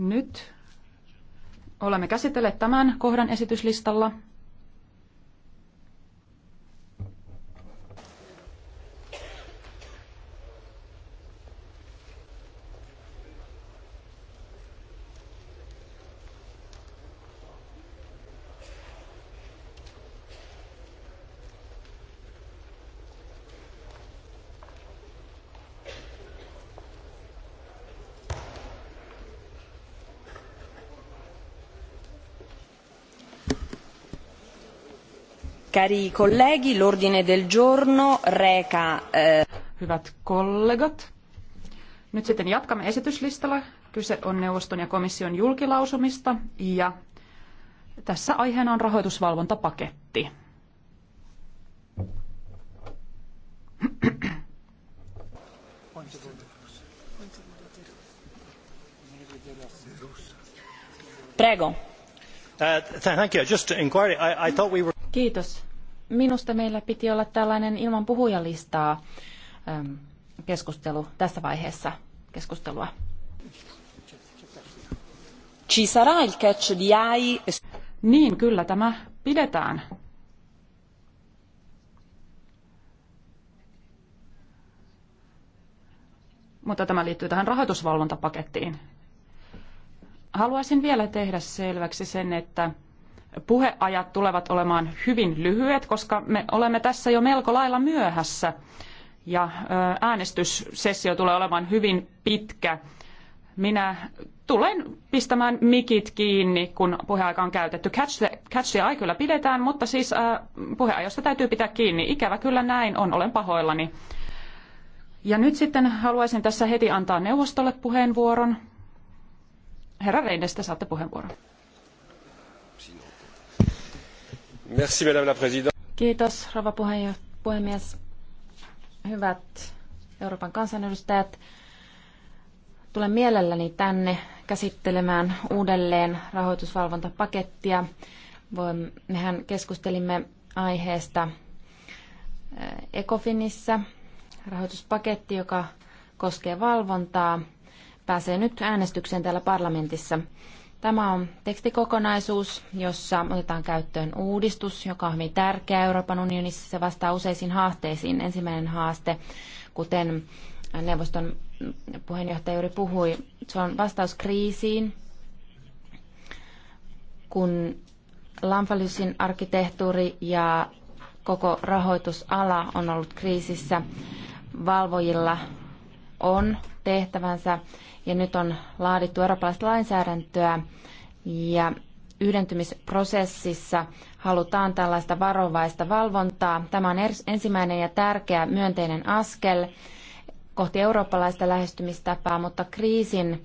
Nyt olemme käsitelleet tämän kohdan esityslistalla. Cari colleghi, l'ordine del giorno reca... Eh, Hyvät kollegat, nyt sitten jatkamme esityslistalla. Kyse on neuvoston ja komission julkilausumista ja tässä aiheena on rahoitusvalvontapaketti. Prego. Uh, thank you. Just inquiry. I, I thought we were... Kiitos. Minusta meillä piti olla tällainen ilman puhujalistaa ähm, keskustelu tässä vaiheessa keskustelua. Ci sarà il catch di AI. Niin, kyllä tämä pidetään. Mutta tämä liittyy tähän rahoitusvalvontapakettiin. Haluaisin vielä tehdä selväksi sen, että puheajat tulevat olemaan hyvin lyhyet, koska me olemme tässä jo melko lailla myöhässä ja äänestyssessio tulee olemaan hyvin pitkä. Minä tulen pistämään mikit kiinni, kun puheaika on käytetty. Catch the, catch the eye kyllä pidetään, mutta siis äh, puheajosta täytyy pitää kiinni. Ikävä kyllä näin on, olen pahoillani. Ja nyt sitten haluaisin tässä heti antaa neuvostolle puheenvuoron. Herra te saatte puheenvuoron. madame la Kiitos, rouva puhemies. Hyvät Euroopan kansanedustajat, tulen mielelläni tänne käsittelemään uudelleen rahoitusvalvontapakettia. Mehän keskustelimme aiheesta eh, Ecofinissä. Rahoituspaketti, joka koskee valvontaa, pääsee nyt äänestykseen täällä parlamentissa. Tämä on tekstikokonaisuus, jossa otetaan käyttöön uudistus, joka on hyvin tärkeä Euroopan unionissa. Se vastaa useisiin haasteisiin. Ensimmäinen haaste, kuten neuvoston puheenjohtaja juuri puhui, se on vastaus kriisiin, kun Lamfalysin arkkitehtuuri ja koko rahoitusala on ollut kriisissä. Valvojilla on tehtävänsä ja nyt on laadittu eurooppalaista lainsäädäntöä ja yhdentymisprosessissa halutaan tällaista varovaista valvontaa. Tämä on ensimmäinen ja tärkeä myönteinen askel kohti eurooppalaista lähestymistapaa, mutta kriisin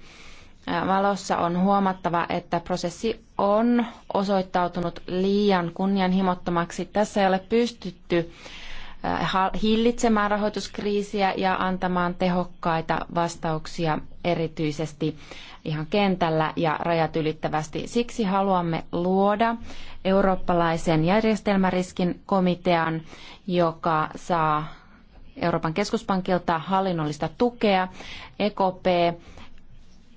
valossa on huomattava, että prosessi on osoittautunut liian kunnianhimottomaksi. Tässä ei ole pystytty Äh, hillitsemään rahoituskriisiä ja antamaan tehokkaita vastauksia erityisesti ihan kentällä ja rajat ylittävästi. Siksi haluamme luoda eurooppalaisen järjestelmäriskin komitean, joka saa Euroopan keskuspankilta hallinnollista tukea. EKP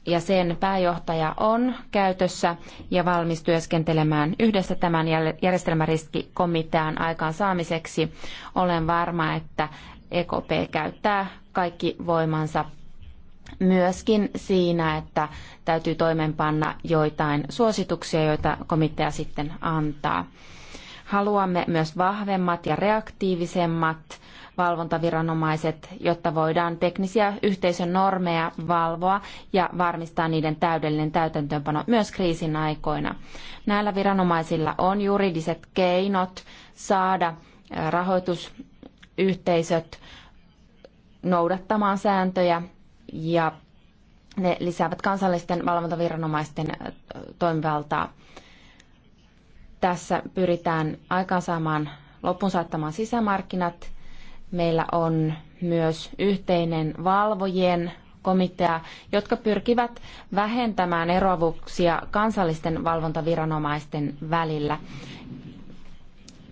ja sen pääjohtaja on käytössä ja valmis työskentelemään yhdessä tämän järjestelmäriskikomitean aikaansaamiseksi. Olen varma, että EKP käyttää kaikki voimansa myöskin siinä, että täytyy toimeenpanna joitain suosituksia, joita komitea sitten antaa. Haluamme myös vahvemmat ja reaktiivisemmat valvontaviranomaiset, jotta voidaan teknisiä yhteisön normeja valvoa ja varmistaa niiden täydellinen täytäntöönpano myös kriisin aikoina. Näillä viranomaisilla on juridiset keinot saada rahoitusyhteisöt noudattamaan sääntöjä ja ne lisäävät kansallisten valvontaviranomaisten toimivaltaa. Tässä pyritään aikaansaamaan loppuun saattamaan sisämarkkinat. Meillä on myös yhteinen valvojien komitea, jotka pyrkivät vähentämään eroavuuksia kansallisten valvontaviranomaisten välillä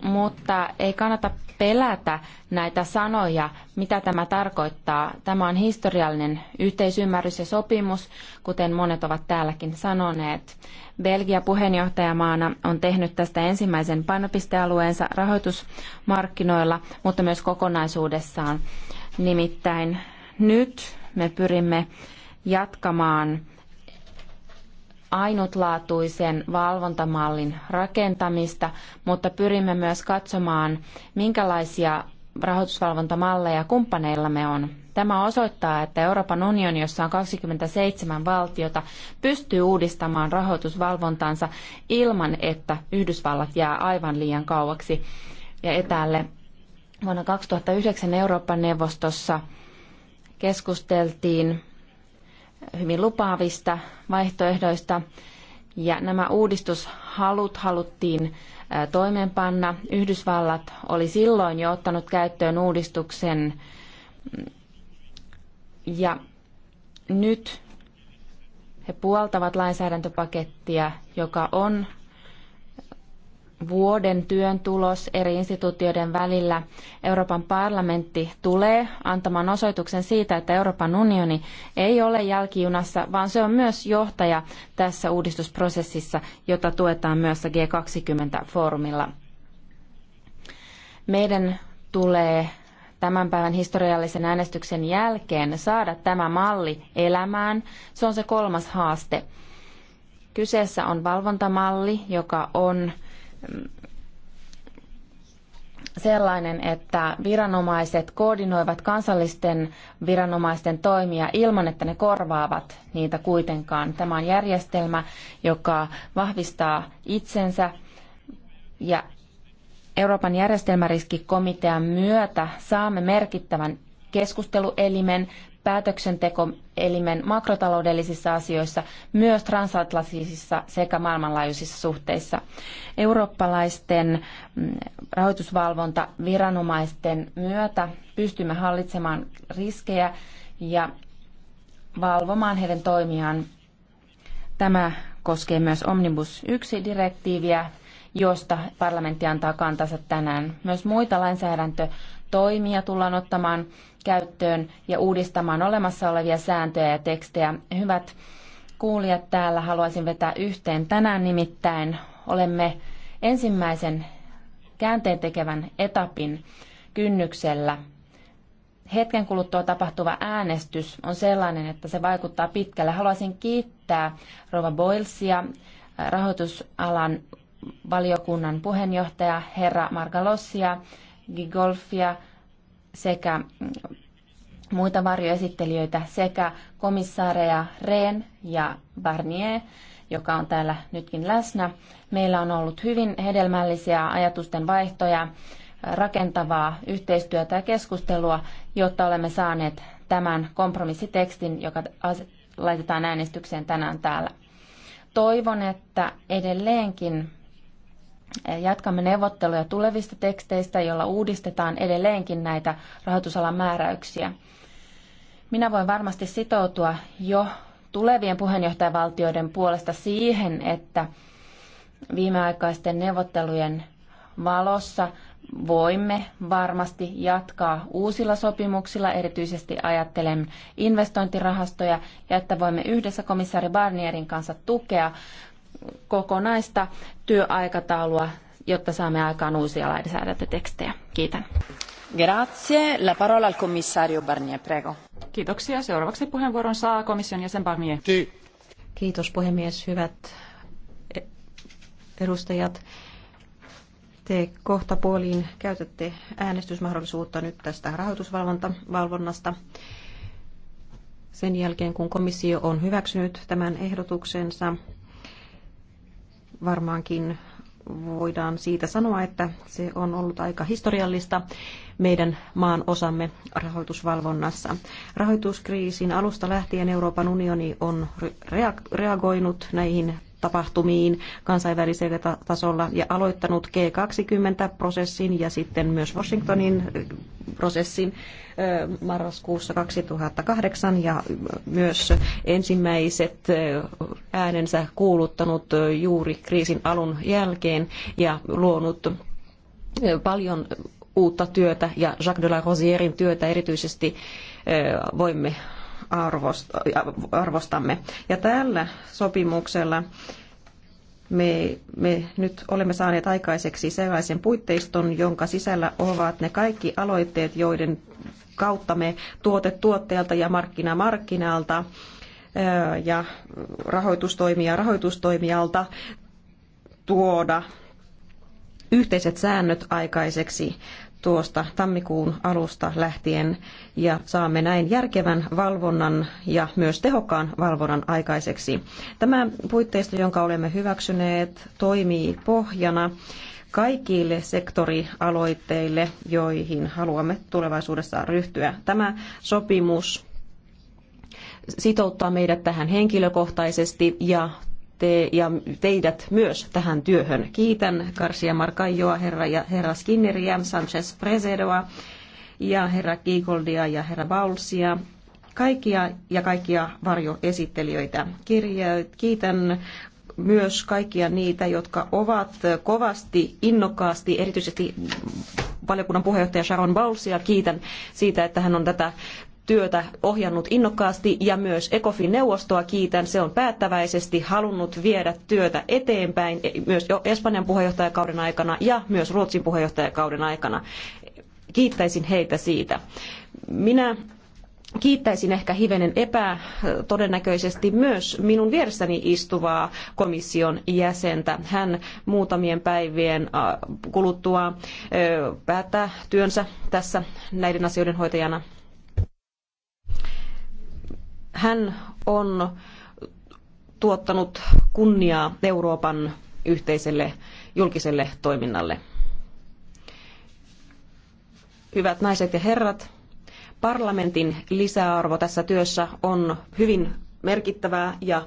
mutta ei kannata pelätä näitä sanoja, mitä tämä tarkoittaa. Tämä on historiallinen yhteisymmärrys ja sopimus, kuten monet ovat täälläkin sanoneet. Belgia puheenjohtajamaana on tehnyt tästä ensimmäisen painopistealueensa rahoitusmarkkinoilla, mutta myös kokonaisuudessaan. Nimittäin nyt me pyrimme jatkamaan ainutlaatuisen valvontamallin rakentamista, mutta pyrimme myös katsomaan, minkälaisia rahoitusvalvontamalleja kumppaneillamme on. Tämä osoittaa, että Euroopan unioni, jossa on 27 valtiota, pystyy uudistamaan rahoitusvalvontansa ilman, että Yhdysvallat jää aivan liian kauaksi ja etäälle. Vuonna 2009 Euroopan neuvostossa keskusteltiin hyvin lupaavista vaihtoehdoista. Ja nämä uudistushalut haluttiin toimeenpanna. Yhdysvallat oli silloin jo ottanut käyttöön uudistuksen ja nyt he puoltavat lainsäädäntöpakettia, joka on vuoden työn tulos eri instituutioiden välillä Euroopan parlamentti tulee antamaan osoituksen siitä, että Euroopan unioni ei ole jälkijunassa, vaan se on myös johtaja tässä uudistusprosessissa, jota tuetaan myös G20-foorumilla. Meidän tulee tämän päivän historiallisen äänestyksen jälkeen saada tämä malli elämään. Se on se kolmas haaste. Kyseessä on valvontamalli, joka on sellainen, että viranomaiset koordinoivat kansallisten viranomaisten toimia ilman, että ne korvaavat niitä kuitenkaan. Tämä on järjestelmä, joka vahvistaa itsensä ja Euroopan järjestelmäriskikomitean myötä saamme merkittävän keskusteluelimen päätöksentekoelimen makrotaloudellisissa asioissa, myös transatlanttisissa sekä maailmanlaajuisissa suhteissa. Eurooppalaisten mm, rahoitusvalvontaviranomaisten myötä pystymme hallitsemaan riskejä ja valvomaan heidän toimiaan. Tämä koskee myös Omnibus 1-direktiiviä, josta parlamentti antaa kantansa tänään. Myös muita lainsäädäntö toimia tullaan ottamaan käyttöön ja uudistamaan olemassa olevia sääntöjä ja tekstejä. Hyvät kuulijat täällä haluaisin vetää yhteen. Tänään nimittäin olemme ensimmäisen käänteen tekevän etapin kynnyksellä. Hetken kuluttua tapahtuva äänestys on sellainen, että se vaikuttaa pitkälle. Haluaisin kiittää Rova Boilsia, rahoitusalan valiokunnan puheenjohtaja herra Margalossia Gigolfia sekä muita varjoesittelijöitä sekä komissaareja Rehn ja Barnier, joka on täällä nytkin läsnä. Meillä on ollut hyvin hedelmällisiä ajatusten vaihtoja, rakentavaa yhteistyötä ja keskustelua, jotta olemme saaneet tämän kompromissitekstin, joka laitetaan äänestykseen tänään täällä. Toivon, että edelleenkin Jatkamme neuvotteluja tulevista teksteistä, joilla uudistetaan edelleenkin näitä rahoitusalan määräyksiä. Minä voin varmasti sitoutua jo tulevien puheenjohtajavaltioiden puolesta siihen, että viimeaikaisten neuvottelujen valossa voimme varmasti jatkaa uusilla sopimuksilla, erityisesti ajattelen investointirahastoja, ja että voimme yhdessä komissaari Barnierin kanssa tukea kokonaista työaikataulua, jotta saamme aikaan uusia lainsäädäntötekstejä. Kiitän. Grazie. La parola al commissario Barnier, prego. Kiitoksia. Seuraavaksi puheenvuoron saa komission jäsen Barnier. Kiitos puhemies. Hyvät e- edustajat, te kohta puoliin käytätte äänestysmahdollisuutta nyt tästä rahoitusvalvonnasta. Sen jälkeen, kun komissio on hyväksynyt tämän ehdotuksensa, varmaankin voidaan siitä sanoa, että se on ollut aika historiallista meidän maan osamme rahoitusvalvonnassa. Rahoituskriisin alusta lähtien Euroopan unioni on reagoinut näihin tapahtumiin kansainvälisellä tasolla ja aloittanut G20-prosessin ja sitten myös Washingtonin prosessin marraskuussa 2008 ja myös ensimmäiset äänensä kuuluttanut juuri kriisin alun jälkeen ja luonut paljon uutta työtä ja Jacques de la Rosierin työtä erityisesti voimme arvostamme. Ja tällä sopimuksella me, me nyt olemme saaneet aikaiseksi sellaisen puitteiston, jonka sisällä ovat ne kaikki aloitteet, joiden kautta me tuote tuottajalta ja markkina markkinalta ja rahoitustoimija rahoitustoimijalta tuoda yhteiset säännöt aikaiseksi tuosta tammikuun alusta lähtien ja saamme näin järkevän valvonnan ja myös tehokkaan valvonnan aikaiseksi. Tämä puitteisto, jonka olemme hyväksyneet, toimii pohjana kaikille sektorialoitteille, joihin haluamme tulevaisuudessa ryhtyä. Tämä sopimus sitouttaa meidät tähän henkilökohtaisesti ja te ja teidät myös tähän työhön. Kiitän Garcia Marcajoa, herra, ja herra Skinneria, Sanchez Presedoa ja herra Kiikoldia ja herra Baulsia kaikkia ja kaikkia varjoesittelijöitä. Kirja, kiitän myös kaikkia niitä, jotka ovat kovasti, innokkaasti, erityisesti valiokunnan puheenjohtaja Sharon Baulsia. kiitän siitä, että hän on tätä työtä ohjannut innokkaasti ja myös ECOFIN neuvostoa kiitän. Se on päättäväisesti halunnut viedä työtä eteenpäin e, myös jo Espanjan puheenjohtajakauden aikana ja myös Ruotsin puheenjohtajakauden aikana. Kiittäisin heitä siitä. Minä kiittäisin ehkä hivenen epätodennäköisesti myös minun vieressäni istuvaa komission jäsentä. Hän muutamien päivien kuluttua päättää työnsä tässä näiden asioiden hoitajana hän on tuottanut kunniaa Euroopan yhteiselle julkiselle toiminnalle. Hyvät naiset ja herrat, parlamentin lisäarvo tässä työssä on hyvin merkittävää ja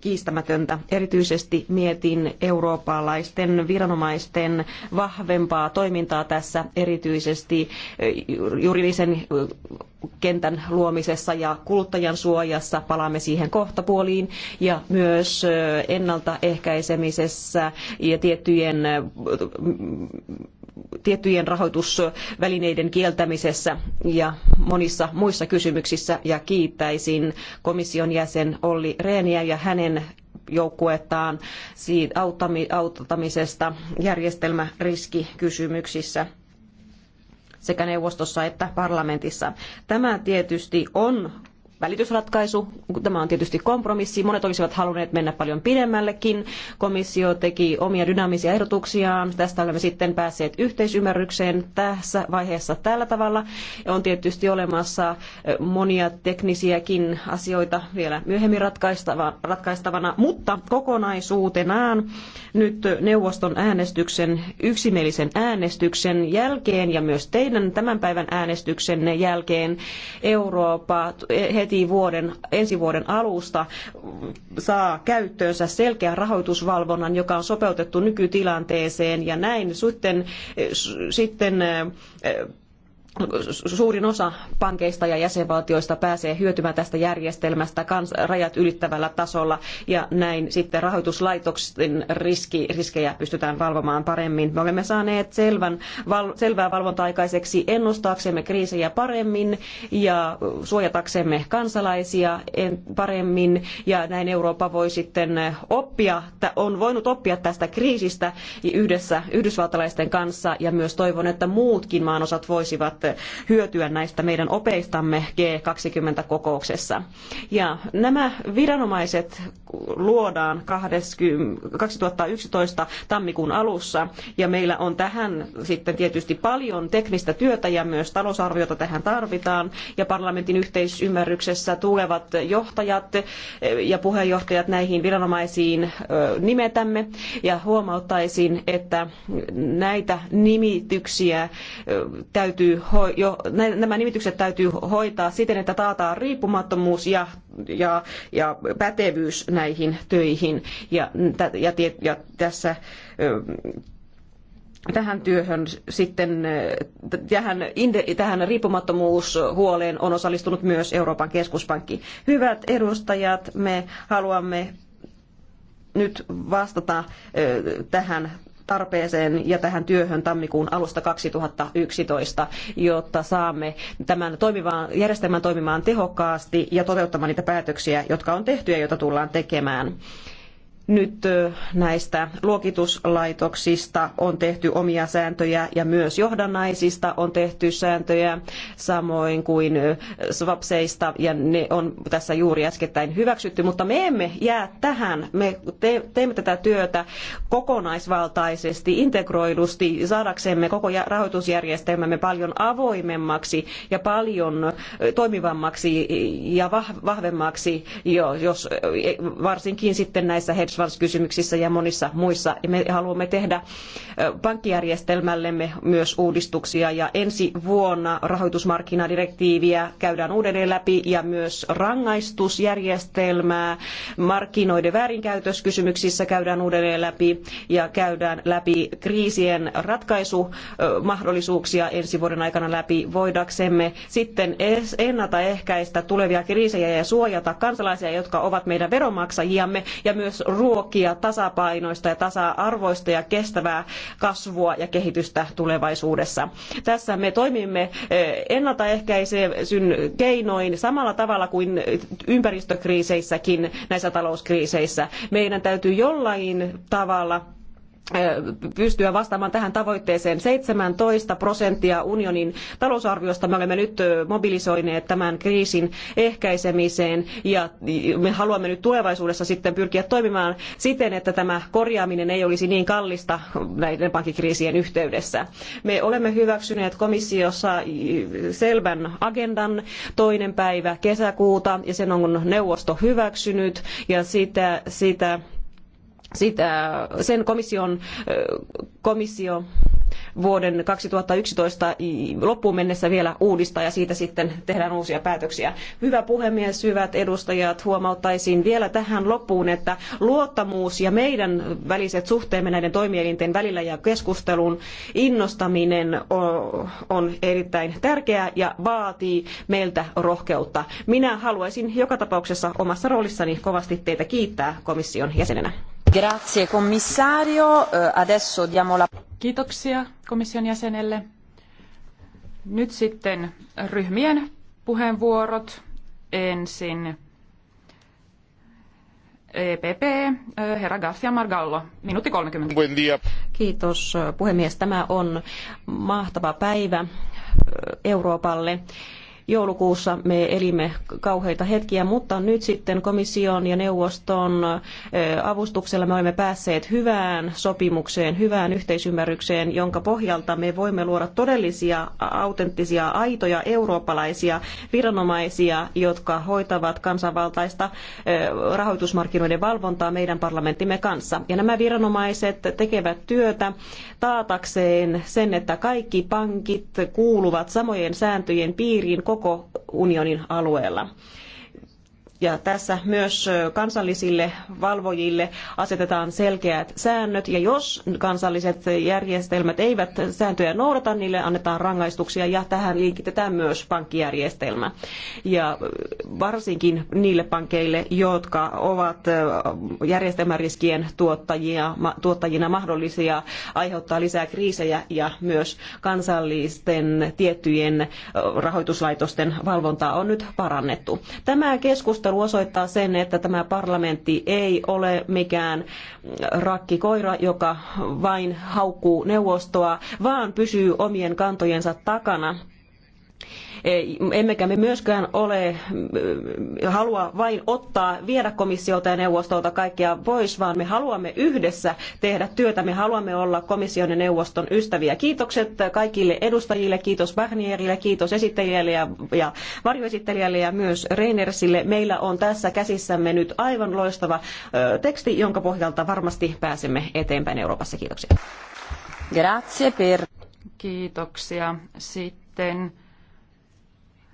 kiistämätöntä. Erityisesti mietin eurooppalaisten viranomaisten vahvempaa toimintaa tässä, erityisesti juridisen kentän luomisessa ja kuluttajan suojassa, palaamme siihen kohtapuoliin, ja myös ennaltaehkäisemisessä ja tiettyjen tiettyjen rahoitusvälineiden kieltämisessä ja monissa muissa kysymyksissä ja kiittäisin komission jäsen Olli Rehniä ja hänen joukkuettaan siitä auttamisesta järjestelmäriskikysymyksissä sekä neuvostossa että parlamentissa. Tämä tietysti on välitysratkaisu. Tämä on tietysti kompromissi. Monet olisivat halunneet mennä paljon pidemmällekin. Komissio teki omia dynaamisia ehdotuksiaan. Tästä olemme sitten päässeet yhteisymmärrykseen tässä vaiheessa tällä tavalla. On tietysti olemassa monia teknisiäkin asioita vielä myöhemmin ratkaistavana, mutta kokonaisuutenaan nyt neuvoston äänestyksen, yksimielisen äänestyksen jälkeen ja myös teidän tämän päivän äänestyksenne jälkeen Eurooppa, he heti vuoden, ensi vuoden alusta saa käyttöönsä selkeän rahoitusvalvonnan, joka on sopeutettu nykytilanteeseen ja näin sitten, eh, sitten eh, suurin osa pankeista ja jäsenvaltioista pääsee hyötymään tästä järjestelmästä rajat ylittävällä tasolla ja näin sitten rahoituslaitosten riski, riskejä pystytään valvomaan paremmin. Me olemme saaneet selvän, val, selvää valvontaa aikaiseksi ennustaaksemme kriisejä paremmin ja suojataksemme kansalaisia paremmin ja näin Eurooppa voi sitten oppia, on voinut oppia tästä kriisistä yhdessä yhdysvaltalaisten kanssa ja myös toivon, että muutkin maanosat voisivat hyötyä näistä meidän opeistamme G20-kokouksessa. Ja nämä viranomaiset luodaan 20, 2011 tammikuun alussa ja meillä on tähän sitten tietysti paljon teknistä työtä ja myös talousarviota tähän tarvitaan ja parlamentin yhteisymmärryksessä tulevat johtajat ja puheenjohtajat näihin viranomaisiin nimetämme ja huomauttaisin, että näitä nimityksiä täytyy jo, nämä nimitykset täytyy hoitaa siten, että taataan riippumattomuus ja, ja, ja pätevyys näihin töihin. Ja, ja, ja tässä tähän työhön sitten, tähän, tähän riippumattomuushuoleen on osallistunut myös Euroopan keskuspankki. Hyvät edustajat, me haluamme nyt vastata tähän tarpeeseen ja tähän työhön tammikuun alusta 2011, jotta saamme tämän toimivaan, järjestelmän toimimaan tehokkaasti ja toteuttamaan niitä päätöksiä, jotka on tehty ja joita tullaan tekemään nyt näistä luokituslaitoksista on tehty omia sääntöjä ja myös johdannaisista on tehty sääntöjä, samoin kuin swapseista ja ne on tässä juuri äskettäin hyväksytty, mutta me emme jää tähän. Me teemme tätä työtä kokonaisvaltaisesti, integroidusti, saadaksemme koko rahoitusjärjestelmämme paljon avoimemmaksi ja paljon toimivammaksi ja vahvemmaksi, jos e, varsinkin sitten näissä hedge Schwarz-kysymyksissä ja monissa muissa. Ja me haluamme tehdä pankkijärjestelmällemme myös uudistuksia ja ensi vuonna rahoitusmarkkinadirektiiviä käydään uudelleen läpi ja myös rangaistusjärjestelmää markkinoiden väärinkäytöskysymyksissä käydään uudelleen läpi ja käydään läpi kriisien ratkaisumahdollisuuksia ensi vuoden aikana läpi voidaksemme sitten ennaltaehkäistä tulevia kriisejä ja suojata kansalaisia, jotka ovat meidän veronmaksajiamme ja myös ruokia tasapainoista ja tasa-arvoista ja kestävää kasvua ja kehitystä tulevaisuudessa. Tässä me toimimme ennaltaehkäisyn keinoin samalla tavalla kuin ympäristökriiseissäkin näissä talouskriiseissä. Meidän täytyy jollain tavalla pystyä vastaamaan tähän tavoitteeseen. 17 prosenttia unionin talousarviosta me olemme nyt mobilisoineet tämän kriisin ehkäisemiseen ja me haluamme nyt tulevaisuudessa sitten pyrkiä toimimaan siten, että tämä korjaaminen ei olisi niin kallista näiden pankkikriisien yhteydessä. Me olemme hyväksyneet komissiossa selvän agendan toinen päivä kesäkuuta ja sen on neuvosto hyväksynyt ja sitä, sitä sitä, sen komission, komissio vuoden 2011 loppuun mennessä vielä uudistaa ja siitä sitten tehdään uusia päätöksiä. Hyvä puhemies, hyvät edustajat, huomauttaisin vielä tähän loppuun, että luottamus ja meidän väliset suhteemme näiden toimielinten välillä ja keskustelun innostaminen on erittäin tärkeää ja vaatii meiltä rohkeutta. Minä haluaisin joka tapauksessa omassa roolissani kovasti teitä kiittää komission jäsenenä. Eh, Kiitoksia komission jäsenelle. Nyt sitten ryhmien puheenvuorot. Ensin EPP, eh, herra Garcia Margallo, minuutti 30. Kiitos eh, puhemies. Tämä on mahtava päivä Euroopalle. Joulukuussa me elimme kauheita hetkiä, mutta nyt sitten komission ja neuvoston avustuksella me olemme päässeet hyvään sopimukseen, hyvään yhteisymmärrykseen, jonka pohjalta me voimme luoda todellisia, autenttisia, aitoja eurooppalaisia viranomaisia, jotka hoitavat kansanvaltaista rahoitusmarkkinoiden valvontaa meidän parlamenttimme kanssa. Ja nämä viranomaiset tekevät työtä taatakseen sen, että kaikki pankit kuuluvat samojen sääntöjen piiriin koko unionin alueella. Ja tässä myös kansallisille valvojille asetetaan selkeät säännöt, ja jos kansalliset järjestelmät eivät sääntöjä noudata, niille annetaan rangaistuksia, ja tähän linkitetään myös pankkijärjestelmä. Ja varsinkin niille pankeille, jotka ovat järjestelmäriskien tuottajia, tuottajina mahdollisia, aiheuttaa lisää kriisejä ja myös kansallisten tiettyjen rahoituslaitosten valvontaa on nyt parannettu. Tämä keskustelu keskustelu osoittaa sen, että tämä parlamentti ei ole mikään rakkikoira, joka vain haukkuu neuvostoa, vaan pysyy omien kantojensa takana Eh, emmekä me myöskään ole, mm, halua vain ottaa, viedä komissiolta ja neuvostolta kaikkea pois, vaan me haluamme yhdessä tehdä työtä. Me haluamme olla komission ja neuvoston ystäviä. Kiitokset kaikille edustajille, kiitos Barnierille, kiitos esittelijälle ja, ja varjoesittelijälle ja myös Reinersille. Meillä on tässä käsissämme nyt aivan loistava ö, teksti, jonka pohjalta varmasti pääsemme eteenpäin Euroopassa. Kiitoksia. Grazie per... Kiitoksia. Sitten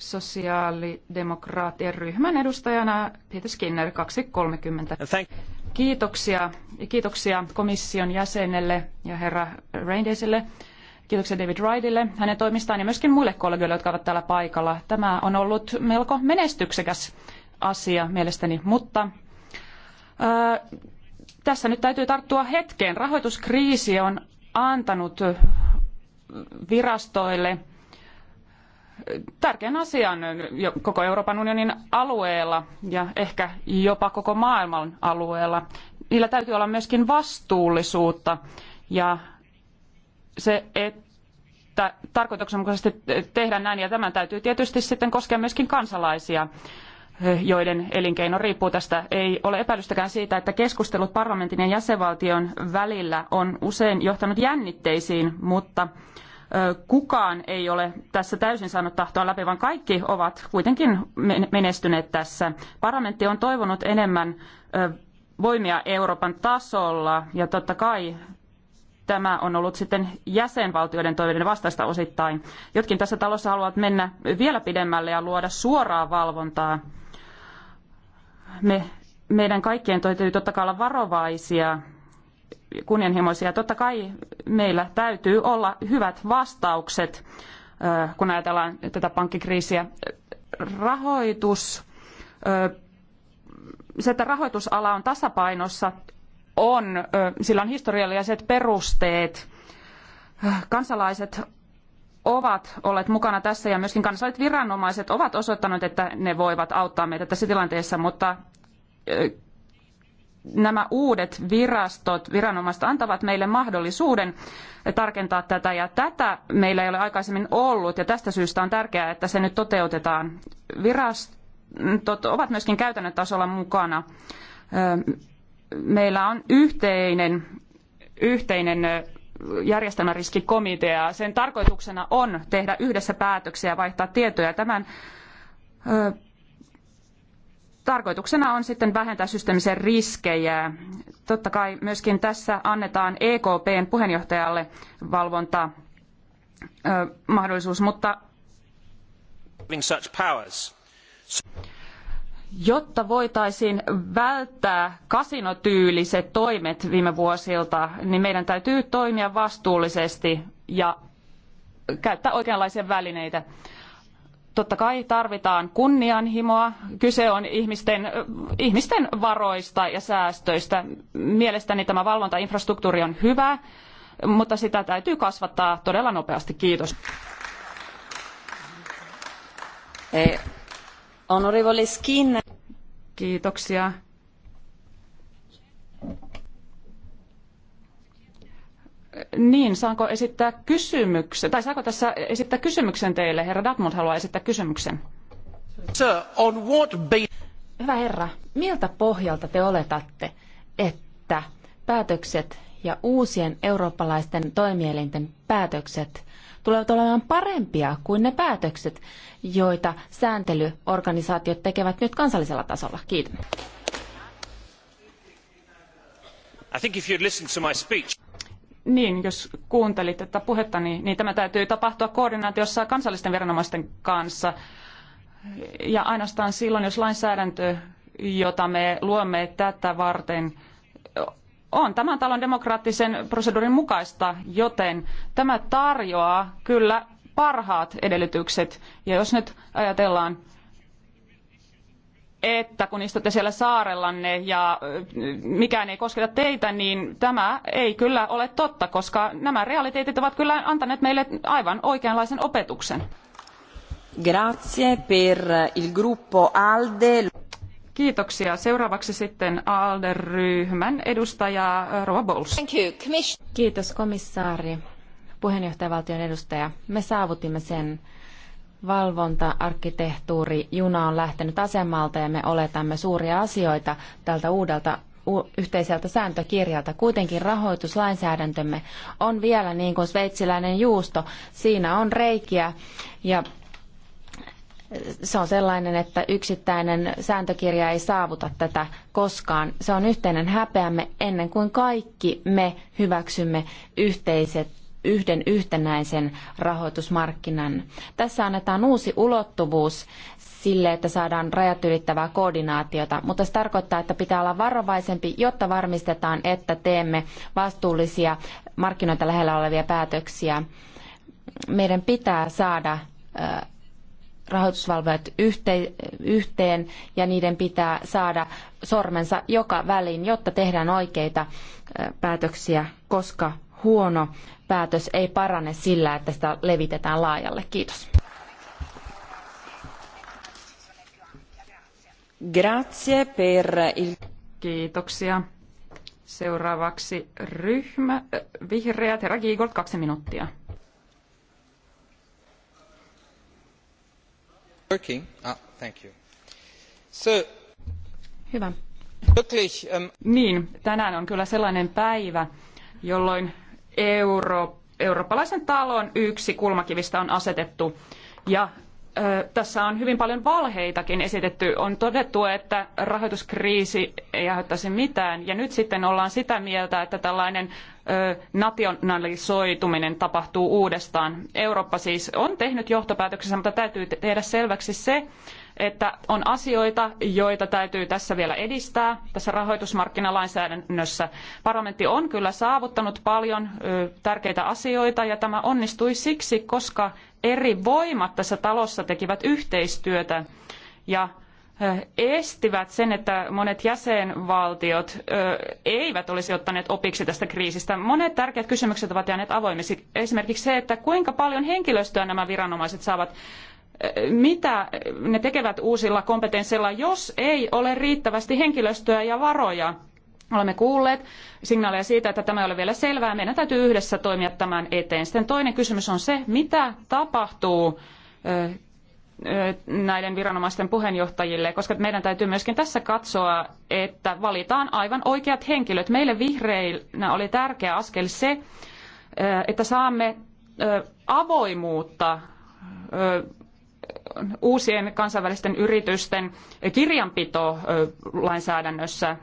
sosiaalidemokraattien ryhmän edustajana Peter Skinner 230. Kiitoksia, kiitoksia komission jäsenelle ja herra Reindeiselle. Kiitoksia David Wrightille, hänen toimistaan ja myöskin muille kollegoille, jotka ovat täällä paikalla. Tämä on ollut melko menestyksekäs asia mielestäni, mutta ää, äh, tässä nyt täytyy tarttua hetkeen. Rahoituskriisi on antanut virastoille – tärkeän asian koko Euroopan unionin alueella ja ehkä jopa koko maailman alueella. Niillä täytyy olla myöskin vastuullisuutta ja se, että tarkoituksenmukaisesti tehdään näin ja tämän täytyy tietysti sitten koskea myöskin kansalaisia joiden elinkeino riippuu tästä. Ei ole epäilystäkään siitä, että keskustelut parlamentin ja jäsenvaltion välillä on usein johtanut jännitteisiin, mutta kukaan ei ole tässä täysin saanut tahtoa läpi, vaan kaikki ovat kuitenkin menestyneet tässä. Parlamentti on toivonut enemmän voimia Euroopan tasolla ja totta kai tämä on ollut sitten jäsenvaltioiden toiveiden vastaista osittain. Jotkin tässä talossa haluavat mennä vielä pidemmälle ja luoda suoraa valvontaa. Me, meidän kaikkien täytyy totta kai olla varovaisia kunnianhimoisia. Totta kai meillä täytyy olla hyvät vastaukset, kun ajatellaan tätä pankkikriisiä. Rahoitus, se, että rahoitusala on tasapainossa, on, sillä on historialliset perusteet. Kansalaiset ovat olleet mukana tässä ja myöskin kansalliset viranomaiset ovat osoittaneet, että ne voivat auttaa meitä tässä tilanteessa, mutta nämä uudet virastot, viranomaiset antavat meille mahdollisuuden tarkentaa tätä ja tätä meillä ei ole aikaisemmin ollut ja tästä syystä on tärkeää, että se nyt toteutetaan. Virastot ovat myöskin käytännön tasolla mukana. Meillä on yhteinen, yhteinen järjestelmäriskikomitea. Sen tarkoituksena on tehdä yhdessä päätöksiä ja vaihtaa tietoja. Tämän tarkoituksena on sitten vähentää systeemisen riskejä. Totta kai myöskin tässä annetaan EKPn puheenjohtajalle valvonta mahdollisuus, mutta jotta voitaisiin välttää kasinotyyliset toimet viime vuosilta, niin meidän täytyy toimia vastuullisesti ja käyttää oikeanlaisia välineitä totta kai tarvitaan kunnianhimoa. Kyse on ihmisten, ihmisten varoista ja säästöistä. Mielestäni tämä valvontainfrastruktuuri on hyvä, mutta sitä täytyy kasvattaa todella nopeasti. Kiitos. Eh, Kiitoksia. Niin, saanko esittää kysymyksen? Tai saako tässä esittää kysymyksen teille? Herra Dartmouth haluaa esittää kysymyksen. Sir, on what Hyvä herra, miltä pohjalta te oletatte, että päätökset ja uusien eurooppalaisten toimielinten päätökset tulevat olemaan parempia kuin ne päätökset, joita sääntelyorganisaatiot tekevät nyt kansallisella tasolla? Kiitos. I think if you'd listened to my speech... Niin, jos kuuntelit tätä puhetta, niin, niin tämä täytyy tapahtua koordinaatiossa kansallisten viranomaisten kanssa. Ja ainoastaan silloin, jos lainsäädäntö, jota me luomme tätä varten, on tämän talon demokraattisen proseduurin mukaista, joten tämä tarjoaa kyllä parhaat edellytykset. Ja jos nyt ajatellaan että kun istutte siellä saarellanne ja mikään ei kosketa teitä, niin tämä ei kyllä ole totta, koska nämä realiteetit ovat kyllä antaneet meille aivan oikeanlaisen opetuksen. Grazie per il gruppo ALDE. Kiitoksia. Seuraavaksi sitten ALDE-ryhmän edustaja Rova Bowles. Thank you. Kiitos komissaari, puheenjohtajavaltion edustaja. Me saavutimme sen, valvonta-arkkitehtuuri. Juna on lähtenyt asemalta ja me oletamme suuria asioita tältä uudelta yhteiseltä sääntökirjalta. Kuitenkin rahoituslainsäädäntömme on vielä niin kuin sveitsiläinen juusto. Siinä on reikiä ja se on sellainen, että yksittäinen sääntökirja ei saavuta tätä koskaan. Se on yhteinen häpeämme ennen kuin kaikki me hyväksymme yhteiset yhden yhtenäisen rahoitusmarkkinan. Tässä annetaan uusi ulottuvuus sille, että saadaan rajat ylittävää koordinaatiota, mutta se tarkoittaa, että pitää olla varovaisempi, jotta varmistetaan, että teemme vastuullisia markkinoita lähellä olevia päätöksiä. Meidän pitää saada rahoitusvalvojat yhteen ja niiden pitää saada sormensa joka väliin, jotta tehdään oikeita päätöksiä, koska huono päätös ei parane sillä, että sitä levitetään laajalle. Kiitos. Grazie per il... Kiitoksia. Seuraavaksi ryhmä, äh, vihreät, herra Giegold, kaksi minuuttia. Working. Ah, thank you. So, Hyvä. Wirklich, um... Niin, tänään on kyllä sellainen päivä, jolloin euro, eurooppalaisen talon yksi kulmakivistä on asetettu. Ja tässä on hyvin paljon valheitakin esitetty. On todettu, että rahoituskriisi ei aiheuttaisi mitään, ja nyt sitten ollaan sitä mieltä, että tällainen nationalisoituminen tapahtuu uudestaan. Eurooppa siis on tehnyt johtopäätöksensä, mutta täytyy tehdä selväksi se, että on asioita, joita täytyy tässä vielä edistää tässä rahoitusmarkkinalainsäädännössä. Parlamentti on kyllä saavuttanut paljon tärkeitä asioita ja tämä onnistui siksi, koska eri voimat tässä talossa tekivät yhteistyötä ja estivät sen, että monet jäsenvaltiot eivät olisi ottaneet opiksi tästä kriisistä. Monet tärkeät kysymykset ovat jääneet avoimiksi. Esimerkiksi se, että kuinka paljon henkilöstöä nämä viranomaiset saavat mitä ne tekevät uusilla kompetensseilla, jos ei ole riittävästi henkilöstöä ja varoja. Olemme kuulleet signaaleja siitä, että tämä ei ole vielä selvää. Meidän täytyy yhdessä toimia tämän eteen. Sitten toinen kysymys on se, mitä tapahtuu näiden viranomaisten puheenjohtajille, koska meidän täytyy myöskin tässä katsoa, että valitaan aivan oikeat henkilöt. Meille vihreinä oli tärkeä askel se, että saamme avoimuutta uusien kansainvälisten yritysten kirjanpito lainsäädännössä.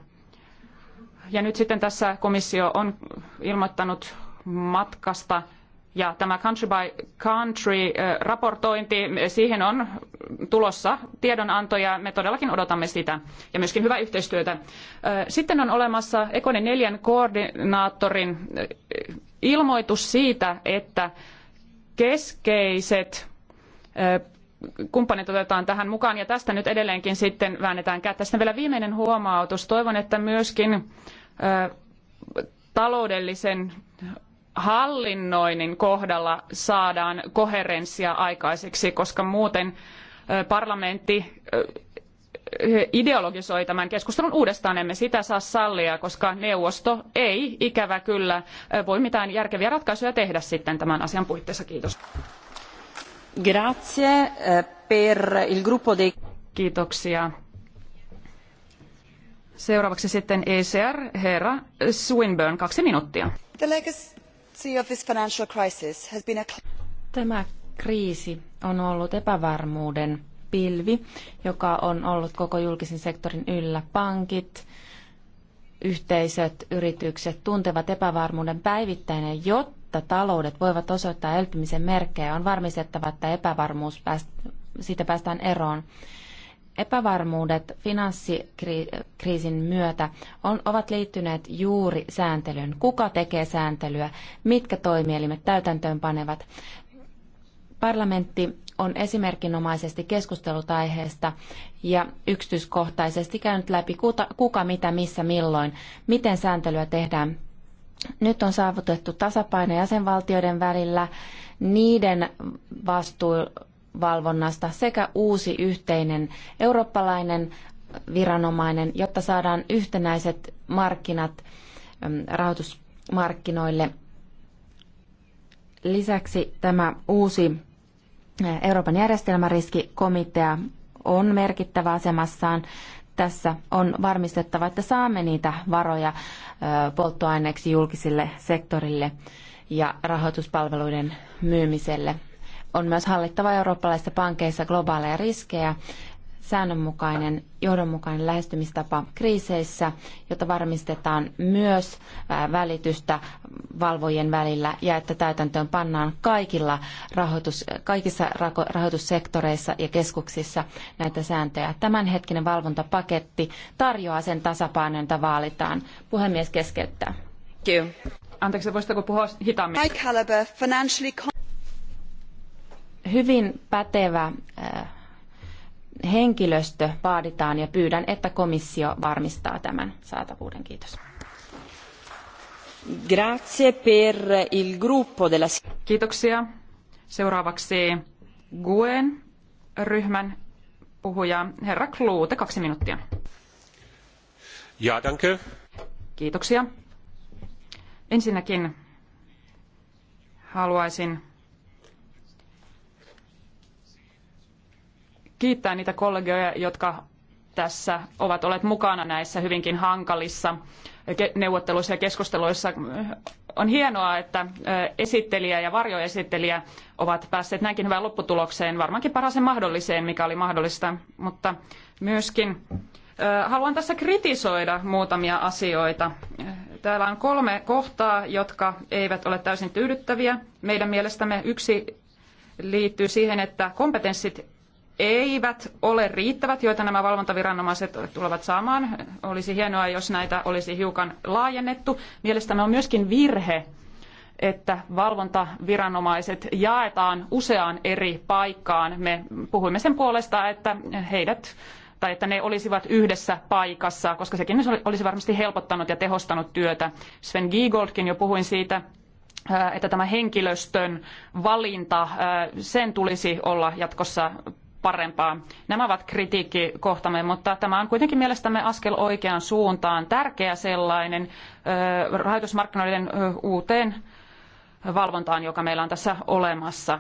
Ja nyt sitten tässä komissio on ilmoittanut matkasta ja tämä country by country raportointi, siihen on tulossa tiedonantoja, me todellakin odotamme sitä ja myöskin hyvää yhteistyötä. Sitten on olemassa Ekonen neljän koordinaattorin ilmoitus siitä, että keskeiset kumppanit otetaan tähän mukaan ja tästä nyt edelleenkin sitten väännetään kättä. Sitten vielä viimeinen huomautus. Toivon, että myöskin taloudellisen hallinnoinnin kohdalla saadaan koherenssia aikaiseksi, koska muuten parlamentti ideologisoi tämän keskustelun uudestaan. Emme sitä saa sallia, koska neuvosto ei ikävä kyllä voi mitään järkeviä ratkaisuja tehdä sitten tämän asian puitteissa. Kiitos. Grazie eh, Kiitoksia. Seuraavaksi sitten ECR, herra Swinburne, kaksi minuuttia. The legacy of this financial crisis has been a... Tämä kriisi on ollut epävarmuuden pilvi, joka on ollut koko julkisen sektorin yllä. Pankit, yhteisöt, yritykset tuntevat epävarmuuden päivittäinen, jotta taloudet voivat osoittaa elpymisen merkkejä, on varmistettava, että epävarmuus pääst, siitä päästään eroon. Epävarmuudet finanssikriisin myötä on, ovat liittyneet juuri sääntelyyn. Kuka tekee sääntelyä? Mitkä toimielimet täytäntöön panevat? Parlamentti on esimerkinomaisesti keskustellut aiheesta ja yksityiskohtaisesti käynyt läpi kuka, kuka mitä missä milloin, miten sääntelyä tehdään. Nyt on saavutettu tasapaino jäsenvaltioiden välillä, niiden vastuuvalvonnasta sekä uusi yhteinen eurooppalainen viranomainen, jotta saadaan yhtenäiset markkinat rahoitusmarkkinoille. Lisäksi tämä uusi Euroopan järjestelmäriskikomitea on merkittävä asemassaan. Tässä on varmistettava, että saamme niitä varoja polttoaineeksi julkisille sektorille ja rahoituspalveluiden myymiselle. On myös hallittava eurooppalaisissa pankeissa globaaleja riskejä säännönmukainen, johdonmukainen lähestymistapa kriiseissä, jota varmistetaan myös välitystä valvojen välillä ja että täytäntöön pannaan kaikilla rahoitus, kaikissa rahoitussektoreissa ja keskuksissa näitä sääntöjä. Tämänhetkinen valvontapaketti tarjoaa sen tasapainon, jota vaalitaan. Puhemies keskeyttää. Kiitos. Anteeksi, voisitteko puhua hitaammin? High caliber, financially... Hyvin pätevä äh, henkilöstö vaaditaan ja pyydän, että komissio varmistaa tämän saatavuuden. Kiitos. Grazie per il gruppo della... Kiitoksia. Seuraavaksi GUEN ryhmän puhuja herra Kluute, kaksi minuuttia. Ja, danke. Kiitoksia. Ensinnäkin haluaisin kiittää niitä kollegoja, jotka tässä ovat olleet mukana näissä hyvinkin hankalissa neuvotteluissa ja keskusteluissa. On hienoa, että esittelijä ja varjoesittelijä ovat päässeet näinkin hyvään lopputulokseen, varmaankin parhaaseen mahdolliseen, mikä oli mahdollista, mutta myöskin haluan tässä kritisoida muutamia asioita. Täällä on kolme kohtaa, jotka eivät ole täysin tyydyttäviä. Meidän mielestämme yksi liittyy siihen, että kompetenssit eivät ole riittävät, joita nämä valvontaviranomaiset tulevat saamaan. Olisi hienoa, jos näitä olisi hiukan laajennettu. Mielestäni on myöskin virhe, että valvontaviranomaiset jaetaan useaan eri paikkaan. Me puhuimme sen puolesta, että heidät tai että ne olisivat yhdessä paikassa, koska sekin olisi varmasti helpottanut ja tehostanut työtä. Sven Giegoldkin jo puhuin siitä, että tämä henkilöstön valinta, sen tulisi olla jatkossa parempaa. Nämä ovat kritiikkikohtamme, mutta tämä on kuitenkin mielestämme askel oikeaan suuntaan. Tärkeä sellainen rahoitusmarkkinoiden uuteen valvontaan, joka meillä on tässä olemassa.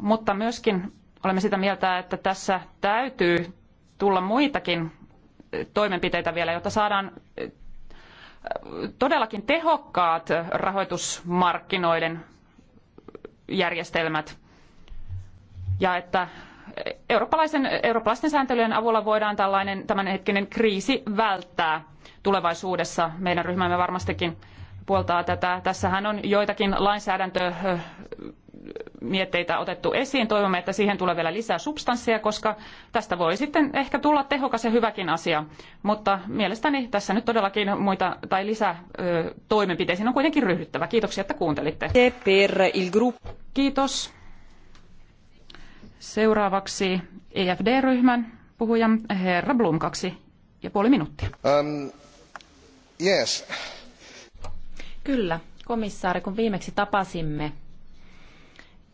Mutta myöskin olemme sitä mieltä, että tässä täytyy tulla muitakin toimenpiteitä vielä, jotta saadaan todellakin tehokkaat rahoitusmarkkinoiden järjestelmät ja että eurooppalaisen, eurooppalaisten sääntelyjen avulla voidaan tällainen tämänhetkinen kriisi välttää tulevaisuudessa. Meidän ryhmämme varmastikin puoltaa tätä. Tässähän on joitakin lainsäädäntömietteitä äh, otettu esiin. Toivomme, että siihen tulee vielä lisää substanssia, koska tästä voi sitten ehkä tulla tehokas ja hyväkin asia. Mutta mielestäni tässä nyt todellakin muita tai lisää äh, toimenpiteisiin on kuitenkin ryhdyttävä. Kiitoksia, että kuuntelitte. Kiitos. Seuraavaksi EFD-ryhmän puhujan herra Blum kaksi ja puoli minuuttia. Um, yes. Kyllä, komissaari, kun viimeksi tapasimme,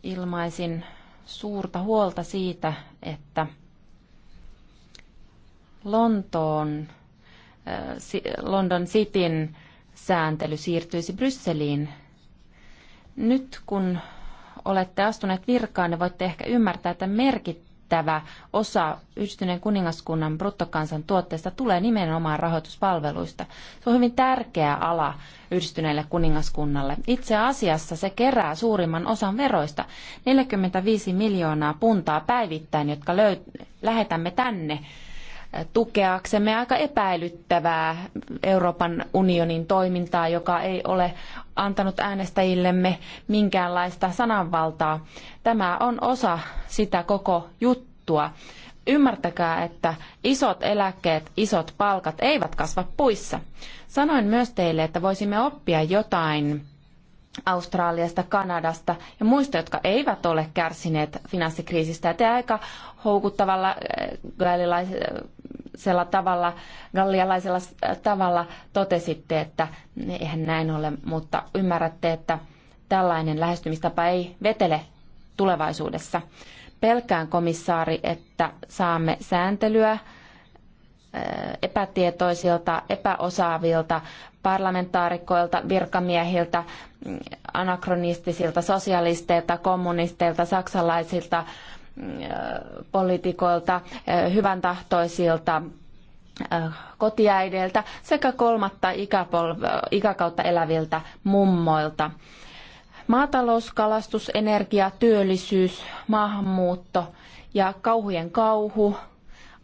ilmaisin suurta huolta siitä, että Lontoon, äh, London Cityn sääntely siirtyisi Brysseliin. Nyt kun olette astuneet virkaan, niin voitte ehkä ymmärtää, että merkittävä osa yhdistyneen kuningaskunnan bruttokansantuotteesta tulee nimenomaan rahoituspalveluista. Se on hyvin tärkeä ala yhdistyneelle kuningaskunnalle. Itse asiassa se kerää suurimman osan veroista, 45 miljoonaa puntaa päivittäin, jotka lähetämme tänne tukeaksemme aika epäilyttävää Euroopan unionin toimintaa, joka ei ole antanut äänestäjillemme minkäänlaista sananvaltaa. Tämä on osa sitä koko juttua. Ymmärtäkää, että isot eläkkeet, isot palkat eivät kasva puissa. Sanoin myös teille, että voisimme oppia jotain Australiasta, Kanadasta ja muista, jotka eivät ole kärsineet finanssikriisistä. Ja te aika houkuttavalla äh, sellaisella tavalla, gallialaisella äh, tavalla totesitte, että eihän näin ole, mutta ymmärrätte, että tällainen lähestymistapa ei vetele tulevaisuudessa. Pelkään komissaari, että saamme sääntelyä äh, epätietoisilta, epäosaavilta parlamentaarikoilta, virkamiehiltä, mm, anakronistisilta sosialisteilta, kommunisteilta, saksalaisilta, poliitikoilta, hyvän tahtoisilta kotiäideiltä sekä kolmatta ikäpolv- ikäkautta eläviltä mummoilta. Maatalous, kalastus, energia, työllisyys, maahanmuutto ja kauhujen kauhu,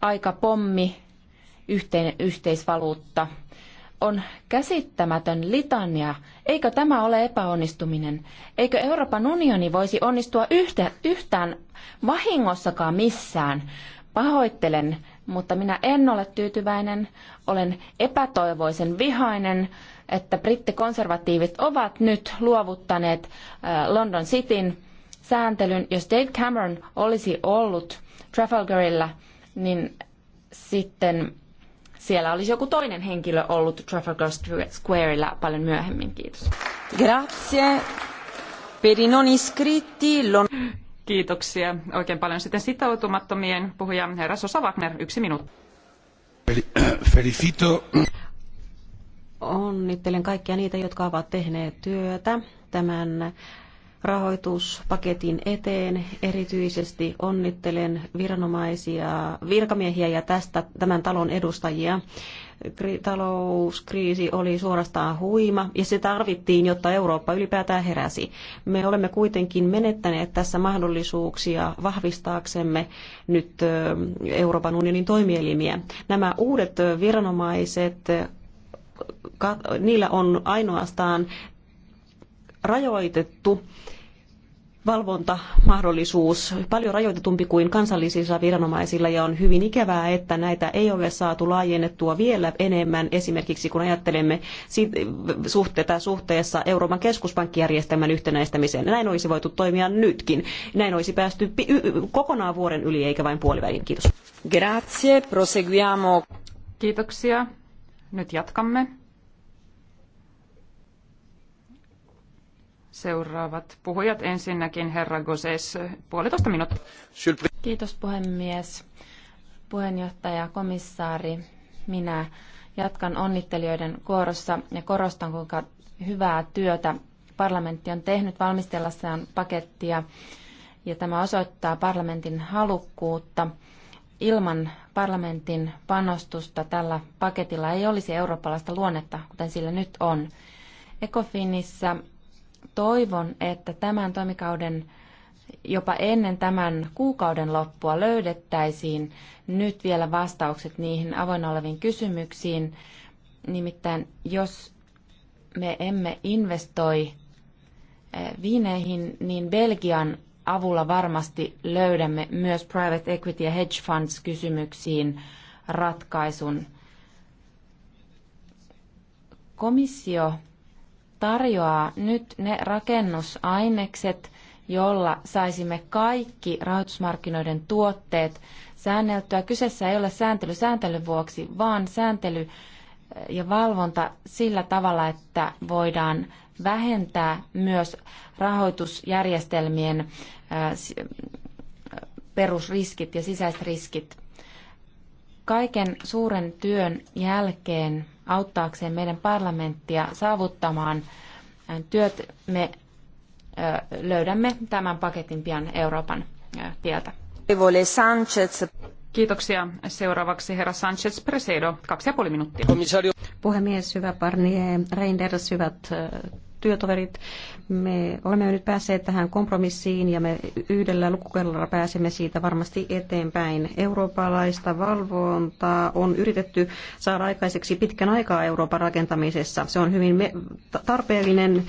aika pommi, yhteen, yhteisvaluutta on käsittämätön litania. Eikö tämä ole epäonnistuminen? Eikö Euroopan unioni voisi onnistua yhtä, yhtään vahingossakaan missään. Pahoittelen, mutta minä en ole tyytyväinen. Olen epätoivoisen vihainen, että brittikonservatiivit ovat nyt luovuttaneet äh, London Cityn sääntelyn. Jos Dave Cameron olisi ollut Trafalgarilla, niin sitten siellä olisi joku toinen henkilö ollut Trafalgar Squareilla paljon myöhemmin. Kiitos. Grazie. Per i non iscritti... Kiitoksia oikein paljon. Sitten sitoutumattomien puhuja herra Sosa Wagner, yksi minuutti. Felicito. Onnittelen kaikkia niitä, jotka ovat tehneet työtä tämän rahoituspaketin eteen. Erityisesti onnittelen viranomaisia, virkamiehiä ja tästä tämän talon edustajia talouskriisi oli suorastaan huima ja se tarvittiin, jotta Eurooppa ylipäätään heräsi. Me olemme kuitenkin menettäneet tässä mahdollisuuksia vahvistaaksemme nyt Euroopan unionin toimielimiä. Nämä uudet viranomaiset, niillä on ainoastaan rajoitettu valvontamahdollisuus paljon rajoitetumpi kuin kansallisilla viranomaisilla ja on hyvin ikävää, että näitä ei ole saatu laajennettua vielä enemmän esimerkiksi kun ajattelemme suhteita suhteessa Euroopan keskuspankkijärjestelmän yhtenäistämiseen. Näin olisi voitu toimia nytkin. Näin olisi päästy kokonaan vuoden yli eikä vain puoliväliin. Kiitos. Grazie, proseguiamo. Kiitoksia. Nyt jatkamme. Seuraavat puhujat ensinnäkin herra Goses, puolitoista minuuttia. Kiitos puhemies. Puheenjohtaja, komissaari, minä jatkan onnittelijoiden kuorossa ja korostan, kuinka hyvää työtä parlamentti on tehnyt valmistellessaan pakettia. Ja tämä osoittaa parlamentin halukkuutta. Ilman parlamentin panostusta tällä paketilla ei olisi eurooppalaista luonnetta, kuten sillä nyt on. Ecofinissä toivon, että tämän toimikauden jopa ennen tämän kuukauden loppua löydettäisiin nyt vielä vastaukset niihin avoinna oleviin kysymyksiin. Nimittäin jos me emme investoi eh, viineihin, niin Belgian avulla varmasti löydämme myös private equity ja hedge funds kysymyksiin ratkaisun. Komissio tarjoaa nyt ne rakennusainekset, jolla saisimme kaikki rahoitusmarkkinoiden tuotteet säänneltyä. Kyseessä ei ole sääntely sääntelyn vuoksi, vaan sääntely eh, ja valvonta sillä tavalla, että voidaan vähentää myös rahoitusjärjestelmien eh, perusriskit ja sisäiset riskit. Kaiken suuren työn jälkeen auttaakseen meidän parlamenttia saavuttamaan työt. Me löydämme tämän paketin pian Euroopan tieltä. Sanchez. Kiitoksia. Seuraavaksi herra Sanchez Presedo, kaksi ja puoli minuuttia. Komissario. Puhemies, hyvä Barnier, Reinders, hyvät työtoverit, me olemme jo nyt päässeet tähän kompromissiin ja me yhdellä lukukerralla pääsemme siitä varmasti eteenpäin. Eurooppalaista valvontaa on yritetty saada aikaiseksi pitkän aikaa Euroopan rakentamisessa. Se on hyvin tarpeellinen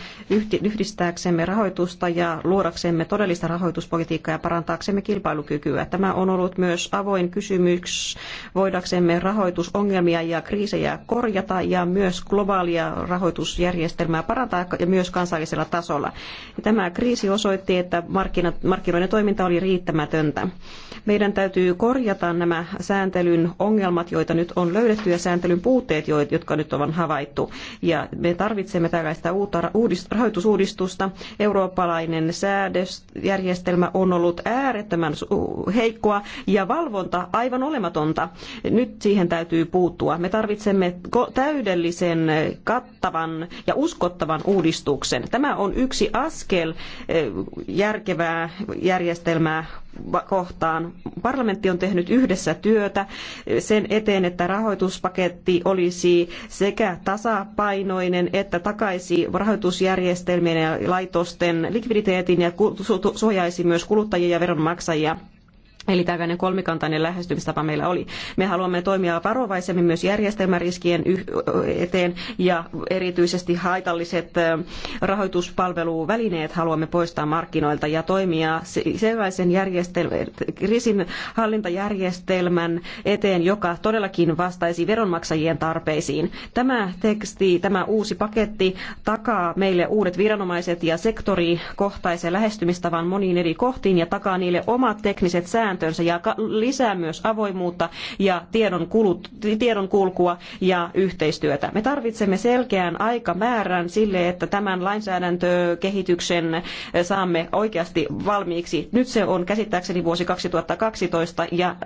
yhdistääksemme rahoitusta ja luodaksemme todellista rahoituspolitiikkaa ja parantaaksemme kilpailukykyä. Tämä on ollut myös avoin kysymys voidaksemme rahoitusongelmia ja kriisejä korjata ja myös globaalia rahoitusjärjestelmää parantaa ja myös kansallisella tasolla. Tämä kriisi osoitti, että markkinoiden toiminta oli riittämätöntä. Meidän täytyy korjata nämä sääntelyn ongelmat, joita nyt on löydetty, ja sääntelyn puutteet, jotka nyt on havaittu. Ja me tarvitsemme tällaista uutta rahoitusuudistusta. Eurooppalainen säädösjärjestelmä on ollut äärettömän heikkoa ja valvonta aivan olematonta. Nyt siihen täytyy puuttua. Me tarvitsemme täydellisen, kattavan ja uskottavan uudistuksen uudistuksen. Tämä on yksi askel eh, järkevää järjestelmää kohtaan. Parlamentti on tehnyt yhdessä työtä eh, sen eteen, että rahoituspaketti olisi sekä tasapainoinen että takaisi rahoitusjärjestelmien ja laitosten likviditeetin ja suojaisi myös kuluttajia ja veronmaksajia Eli tällainen kolmikantainen lähestymistapa meillä oli. Me haluamme toimia varovaisemmin myös järjestelmäriskien eteen ja erityisesti haitalliset rahoituspalveluvälineet haluamme poistaa markkinoilta ja toimia sellaisen järjestelmän, hallintajärjestelmän eteen, joka todellakin vastaisi veronmaksajien tarpeisiin. Tämä teksti, tämä uusi paketti takaa meille uudet viranomaiset ja sektorikohtaisen lähestymistavan moniin eri kohtiin ja takaa niille omat tekniset säännöt sääntönsä ja lisää myös avoimuutta ja tiedon, kulut, tiedon kulkua ja yhteistyötä. Me tarvitsemme selkeän aikamäärän sille, että tämän lainsäädäntökehityksen saamme oikeasti valmiiksi. Nyt se on käsittääkseni vuosi 2012 ja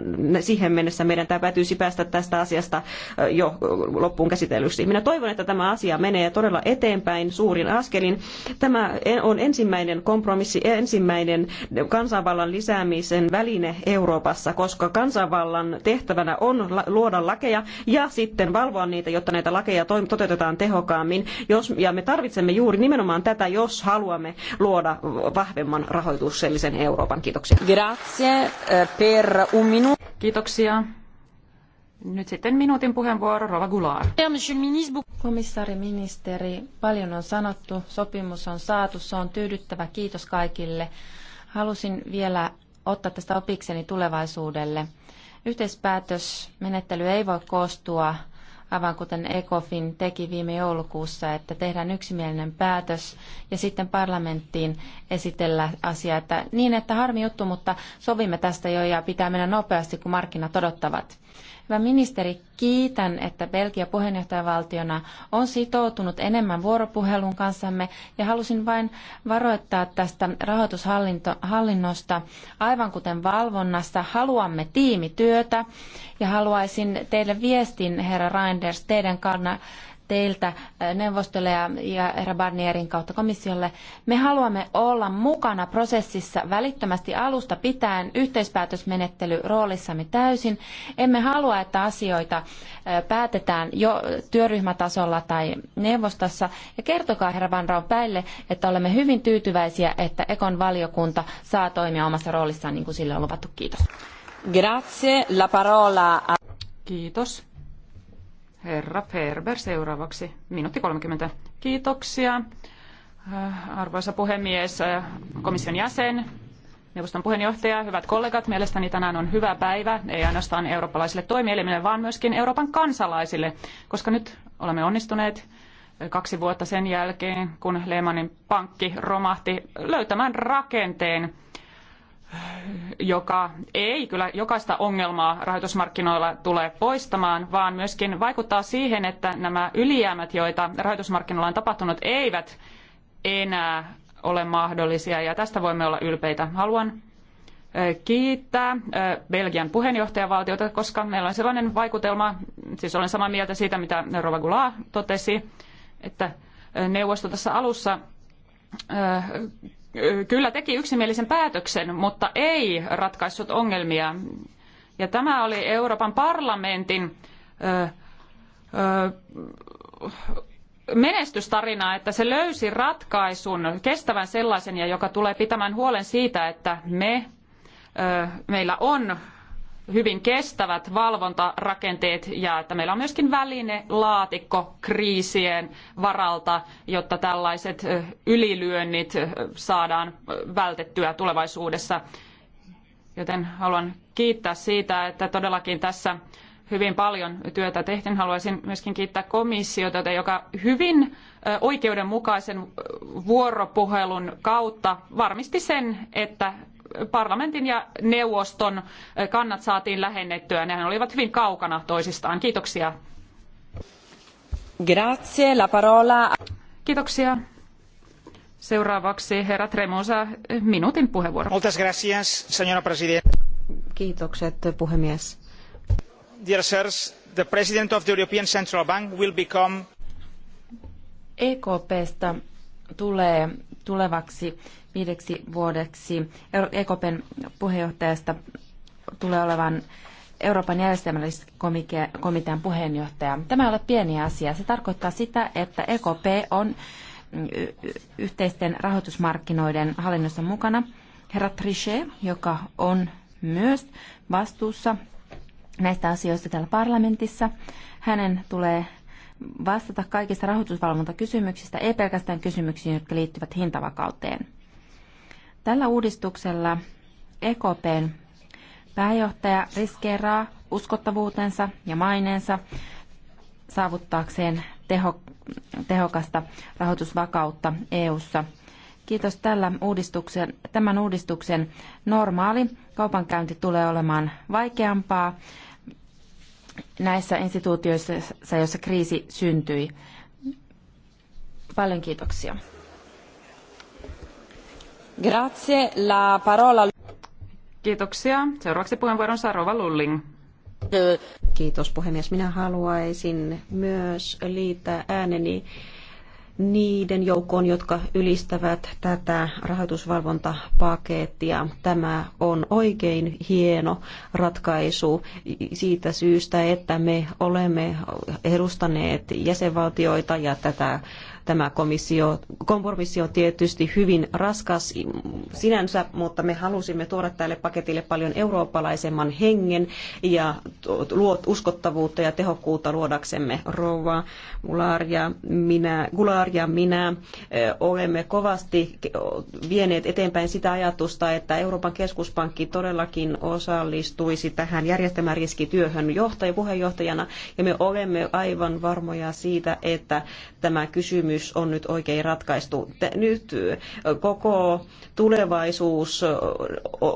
siihen mennessä meidän täytyisi päästä tästä asiasta jo loppuun käsitellyksi. Minä toivon, että tämä asia menee todella eteenpäin suurin askelin. Tämä on ensimmäinen kompromissi, ensimmäinen kansanvallan lisäämisen väline Euroopassa, koska kansanvallan tehtävänä on luoda lakeja ja sitten valvoa niitä, jotta näitä lakeja toteutetaan tehokkaammin. Jos, ja me tarvitsemme juuri nimenomaan tätä, jos haluamme luoda vahvemman rahoituksellisen Euroopan. Kiitoksia. Grazie eh, per un minuto. Kiitoksia. Nyt sitten minuutin puheenvuoro Rova Goulart. Komissaari, ministeri, paljon on sanottu, sopimus on saatu, se on tyydyttävä, kiitos kaikille. Halusin vielä ottaa tästä opikseni tulevaisuudelle. Yhteispäätösmenettely ei voi koostua, aivan kuten ECOFIN teki viime joulukuussa, että tehdään yksimielinen päätös ja sitten parlamenttiin esitellä asia, Että, niin, että harmi juttu, mutta sovimme tästä jo ja pitää mennä nopeasti, kun markkinat odottavat. Hyvä ministeri, kiitän, että Belgia puheenjohtajavaltiona on sitoutunut enemmän vuoropuhelun kanssamme ja halusin vain varoittaa tästä rahoitushallinnosta. Aivan kuten valvonnassa, haluamme tiimityötä ja haluaisin teille viestin, herra Reinders, teidän kannalta teiltä neuvostolle ja, ja herra Barnierin kautta komissiolle. Me haluamme olla mukana prosessissa välittömästi alusta pitäen yhteispäätösmenettely roolissamme täysin. Emme halua, että asioita päätetään jo työryhmätasolla tai neuvostossa. Ja kertokaa herra Van Rompäille, että olemme hyvin tyytyväisiä, että Ekon valiokunta saa toimia omassa roolissaan niin kuin sille on luvattu. Kiitos. Grazie. La parola a... Kiitos. Herra Ferber seuraavaksi. Minuutti 30. Kiitoksia. Äh, arvoisa puhemies, äh, komission jäsen, neuvoston puheenjohtaja, hyvät kollegat, mielestäni tänään on hyvä päivä, ei ainoastaan eurooppalaisille toimielimille, vaan myöskin Euroopan kansalaisille, koska nyt olemme onnistuneet äh, kaksi vuotta sen jälkeen, kun Lehmanin pankki romahti löytämään rakenteen, joka ei kyllä jokaista ongelmaa rahoitusmarkkinoilla tule poistamaan, vaan myöskin vaikuttaa siihen, että nämä ylijäämät, joita rahoitusmarkkinoilla on tapahtunut, eivät enää ole mahdollisia ja tästä voimme olla ylpeitä. Haluan kiittää Belgian puheenjohtajavaltiota, koska meillä on sellainen vaikutelma, siis olen samaa mieltä siitä, mitä Rova Goulart totesi, että neuvosto tässä alussa kyllä teki yksimielisen päätöksen, mutta ei ratkaissut ongelmia. Ja tämä oli Euroopan parlamentin ö, ö, menestystarina, että se löysi ratkaisun, kestävän sellaisen, ja joka tulee pitämään huolen siitä, että me, ö, meillä on hyvin kestävät valvontarakenteet ja että meillä on myöskin väline laatikko kriisien varalta, jotta tällaiset ylilyönnit saadaan vältettyä tulevaisuudessa. Joten haluan kiittää siitä, että todellakin tässä hyvin paljon työtä tehtiin. Haluaisin myöskin kiittää komissiota, joka hyvin oikeudenmukaisen vuoropuhelun kautta varmisti sen, että parlamentin ja neuvoston kannat saatiin lähennettyä. Nehän olivat hyvin kaukana toisistaan. Kiitoksia. Grazie, la parola. Kiitoksia. Seuraavaksi herra Tremosa, minuutin puheenvuoro. Moltes gracias, señora presidenta. Kiitokset, puhemies. Dear sirs, the president of the European Central Bank will become... EKPstä tulee tulevaksi viideksi vuodeksi EKPn e puheenjohtajasta tulee olevan Euroopan järjestelmälliskomitean komitean puheenjohtaja. Tämä ei ole pieni asia. Se tarkoittaa sitä, että EKP on yhteisten rahoitusmarkkinoiden hallinnossa mukana. Herra Trichet, joka on myös vastuussa näistä asioista täällä parlamentissa. Hänen tulee vastata kaikista rahoitusvalvontakysymyksistä, ei pelkästään kysymyksiin, jotka liittyvät hintavakauteen. Tällä uudistuksella EKPn pääjohtaja riskeeraa uskottavuutensa ja maineensa saavuttaakseen teho, tehokasta rahoitusvakautta EU:ssa. Kiitos tällä uudistuksen, tämän uudistuksen normaali kaupankäynti tulee olemaan vaikeampaa näissä instituutioissa, joissa kriisi syntyi. Paljon kiitoksia. Grazie, la parola... Kiitoksia. Seuraavaksi puheenvuoron saa Rova Lulling. Kiitos puhemies. Minä haluaisin myös liittää ääneni niiden joukkoon, jotka ylistävät tätä rahoitusvalvontapakettia. Tämä on oikein hieno ratkaisu siitä syystä, että me olemme edustaneet jäsenvaltioita ja tätä Tämä komissio, kompromissi on tietysti hyvin raskas sinänsä, mutta me halusimme tuoda tälle paketille paljon eurooppalaisemman hengen ja luot uskottavuutta ja tehokkuutta luodaksemme. Rouva Gular ja minä, gularia, minä olemme kovasti vieneet eteenpäin sitä ajatusta, että Euroopan keskuspankki todellakin osallistuisi tähän järjestelmäriskityöhön johtaja, puheenjohtajana, ja me olemme aivan varmoja siitä, että tämä kysymys kysymys on nyt oikein ratkaistu. Nyt koko tulevaisuus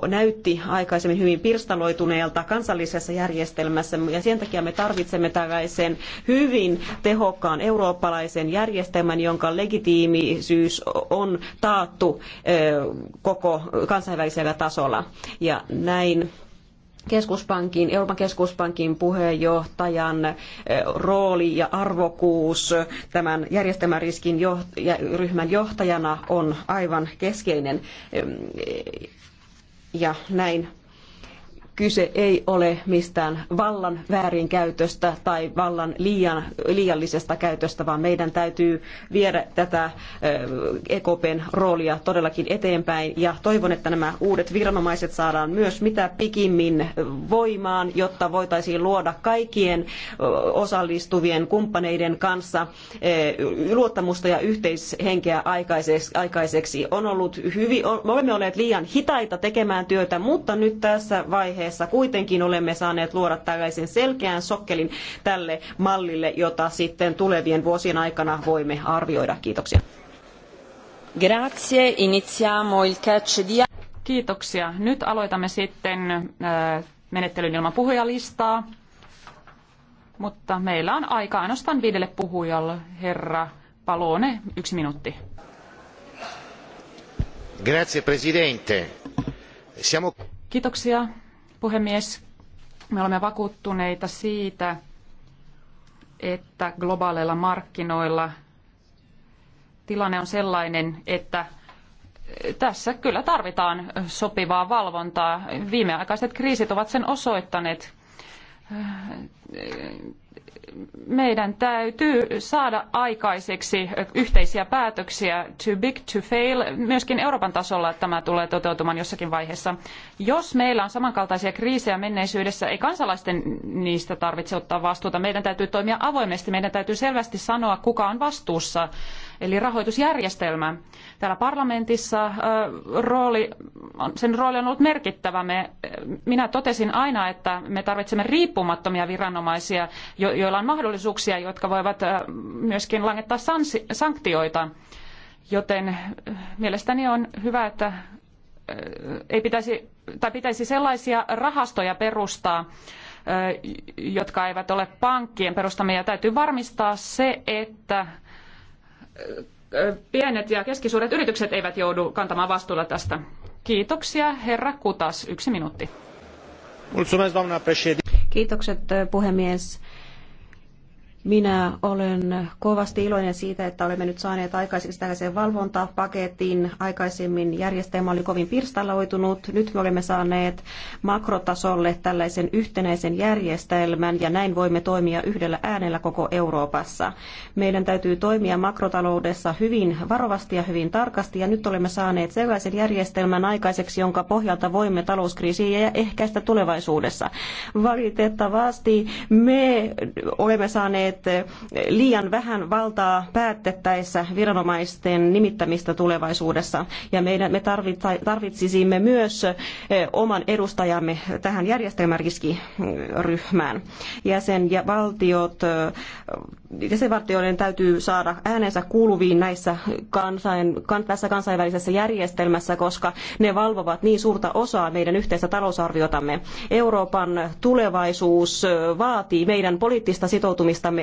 näytti aikaisemmin hyvin pirstaloituneelta kansallisessa järjestelmässä ja sen takia me tarvitsemme tällaisen hyvin tehokkaan eurooppalaisen järjestelmän, jonka legitiimisyys on taattu koko kansainvälisellä tasolla. Ja näin keskuspankin, Euroopan keskuspankin puheenjohtajan eh, rooli ja arvokuus tämän järjestelmäriskin riskin ja ryhmän johtajana on aivan keskeinen. Eh, ja näin kyse ei ole mistään vallan väärinkäytöstä tai vallan liian, liiallisesta käytöstä, vaan meidän täytyy viedä tätä EKPn roolia todellakin eteenpäin. Ja toivon, että nämä uudet viranomaiset saadaan myös mitä pikimmin voimaan, jotta voitaisiin luoda kaikkien osallistuvien kumppaneiden kanssa luottamusta ja yhteishenkeä aikaiseksi. On ollut hyvin, olemme olleet liian hitaita tekemään työtä, mutta nyt tässä vaiheessa tilanteessa kuitenkin olemme saaneet luoda tällaisen selkeän sokkelin tälle mallille, jota sitten tulevien vuosien aikana voimme arvioida. Kiitoksia. Grazie, iniziamo il catch di... Kiitoksia. Nyt aloitamme sitten äh, menettelyn ilman puhujalistaa. Mutta meillä on aika ainoastaan viidelle puhujalle. Herra Palone, yksi minuutti. Grazie, presidente. Siamo... Kiitoksia, Puhemies, me olemme vakuuttuneita siitä, että globaaleilla markkinoilla tilanne on sellainen, että tässä kyllä tarvitaan sopivaa valvontaa. Viimeaikaiset kriisit ovat sen osoittaneet meidän täytyy saada aikaiseksi yhteisiä päätöksiä too big to fail. Myöskin Euroopan tasolla tämä tulee toteutumaan jossakin vaiheessa. Jos meillä on samankaltaisia kriisejä menneisyydessä, ei kansalaisten niistä tarvitse ottaa vastuuta. Meidän täytyy toimia avoimesti. Meidän täytyy selvästi sanoa, kuka on vastuussa eli rahoitusjärjestelmä. Täällä parlamentissa rooli, sen rooli on ollut merkittävä. Me, minä totesin aina, että me tarvitsemme riippumattomia viranomaisia, joilla on mahdollisuuksia, jotka voivat myöskin langettaa sanktioita. Joten mielestäni on hyvä, että ei pitäisi, tai pitäisi sellaisia rahastoja perustaa, jotka eivät ole pankkien perustamia. Täytyy varmistaa se, että pienet ja keskisuuret yritykset eivät joudu kantamaan vastuuta tästä. Kiitoksia, herra Kutas. Yksi minuutti. Kiitokset, eh, puhemies. Minä olen kovasti iloinen siitä, että olemme nyt saaneet aikaiseksi tällaisen valvontapaketin. Aikaisemmin järjestelmä oli kovin pirstaloitunut. Nyt me olemme saaneet makrotasolle tällaisen yhtenäisen järjestelmän ja näin voimme toimia yhdellä äänellä koko Euroopassa. Meidän täytyy toimia makrotaloudessa hyvin varovasti ja hyvin tarkasti ja nyt olemme saaneet sellaisen järjestelmän aikaiseksi, jonka pohjalta voimme talouskriisiä ja ehkäistä tulevaisuudessa. Valitettavasti me olemme saaneet naiset liian vähän valtaa päätettäessä viranomaisten nimittämistä tulevaisuudessa. Ja meidän, me tarvitsisimme myös oman edustajamme tähän järjestelmäriskiryhmään. Jäsen ja valtiot, jäsenvaltioiden täytyy saada äänensä kuuluviin näissä kansain, tässä kansainvälisessä järjestelmässä, koska ne valvovat niin suurta osaa meidän yhteistä talousarviotamme. Euroopan tulevaisuus vaatii meidän poliittista sitoutumistamme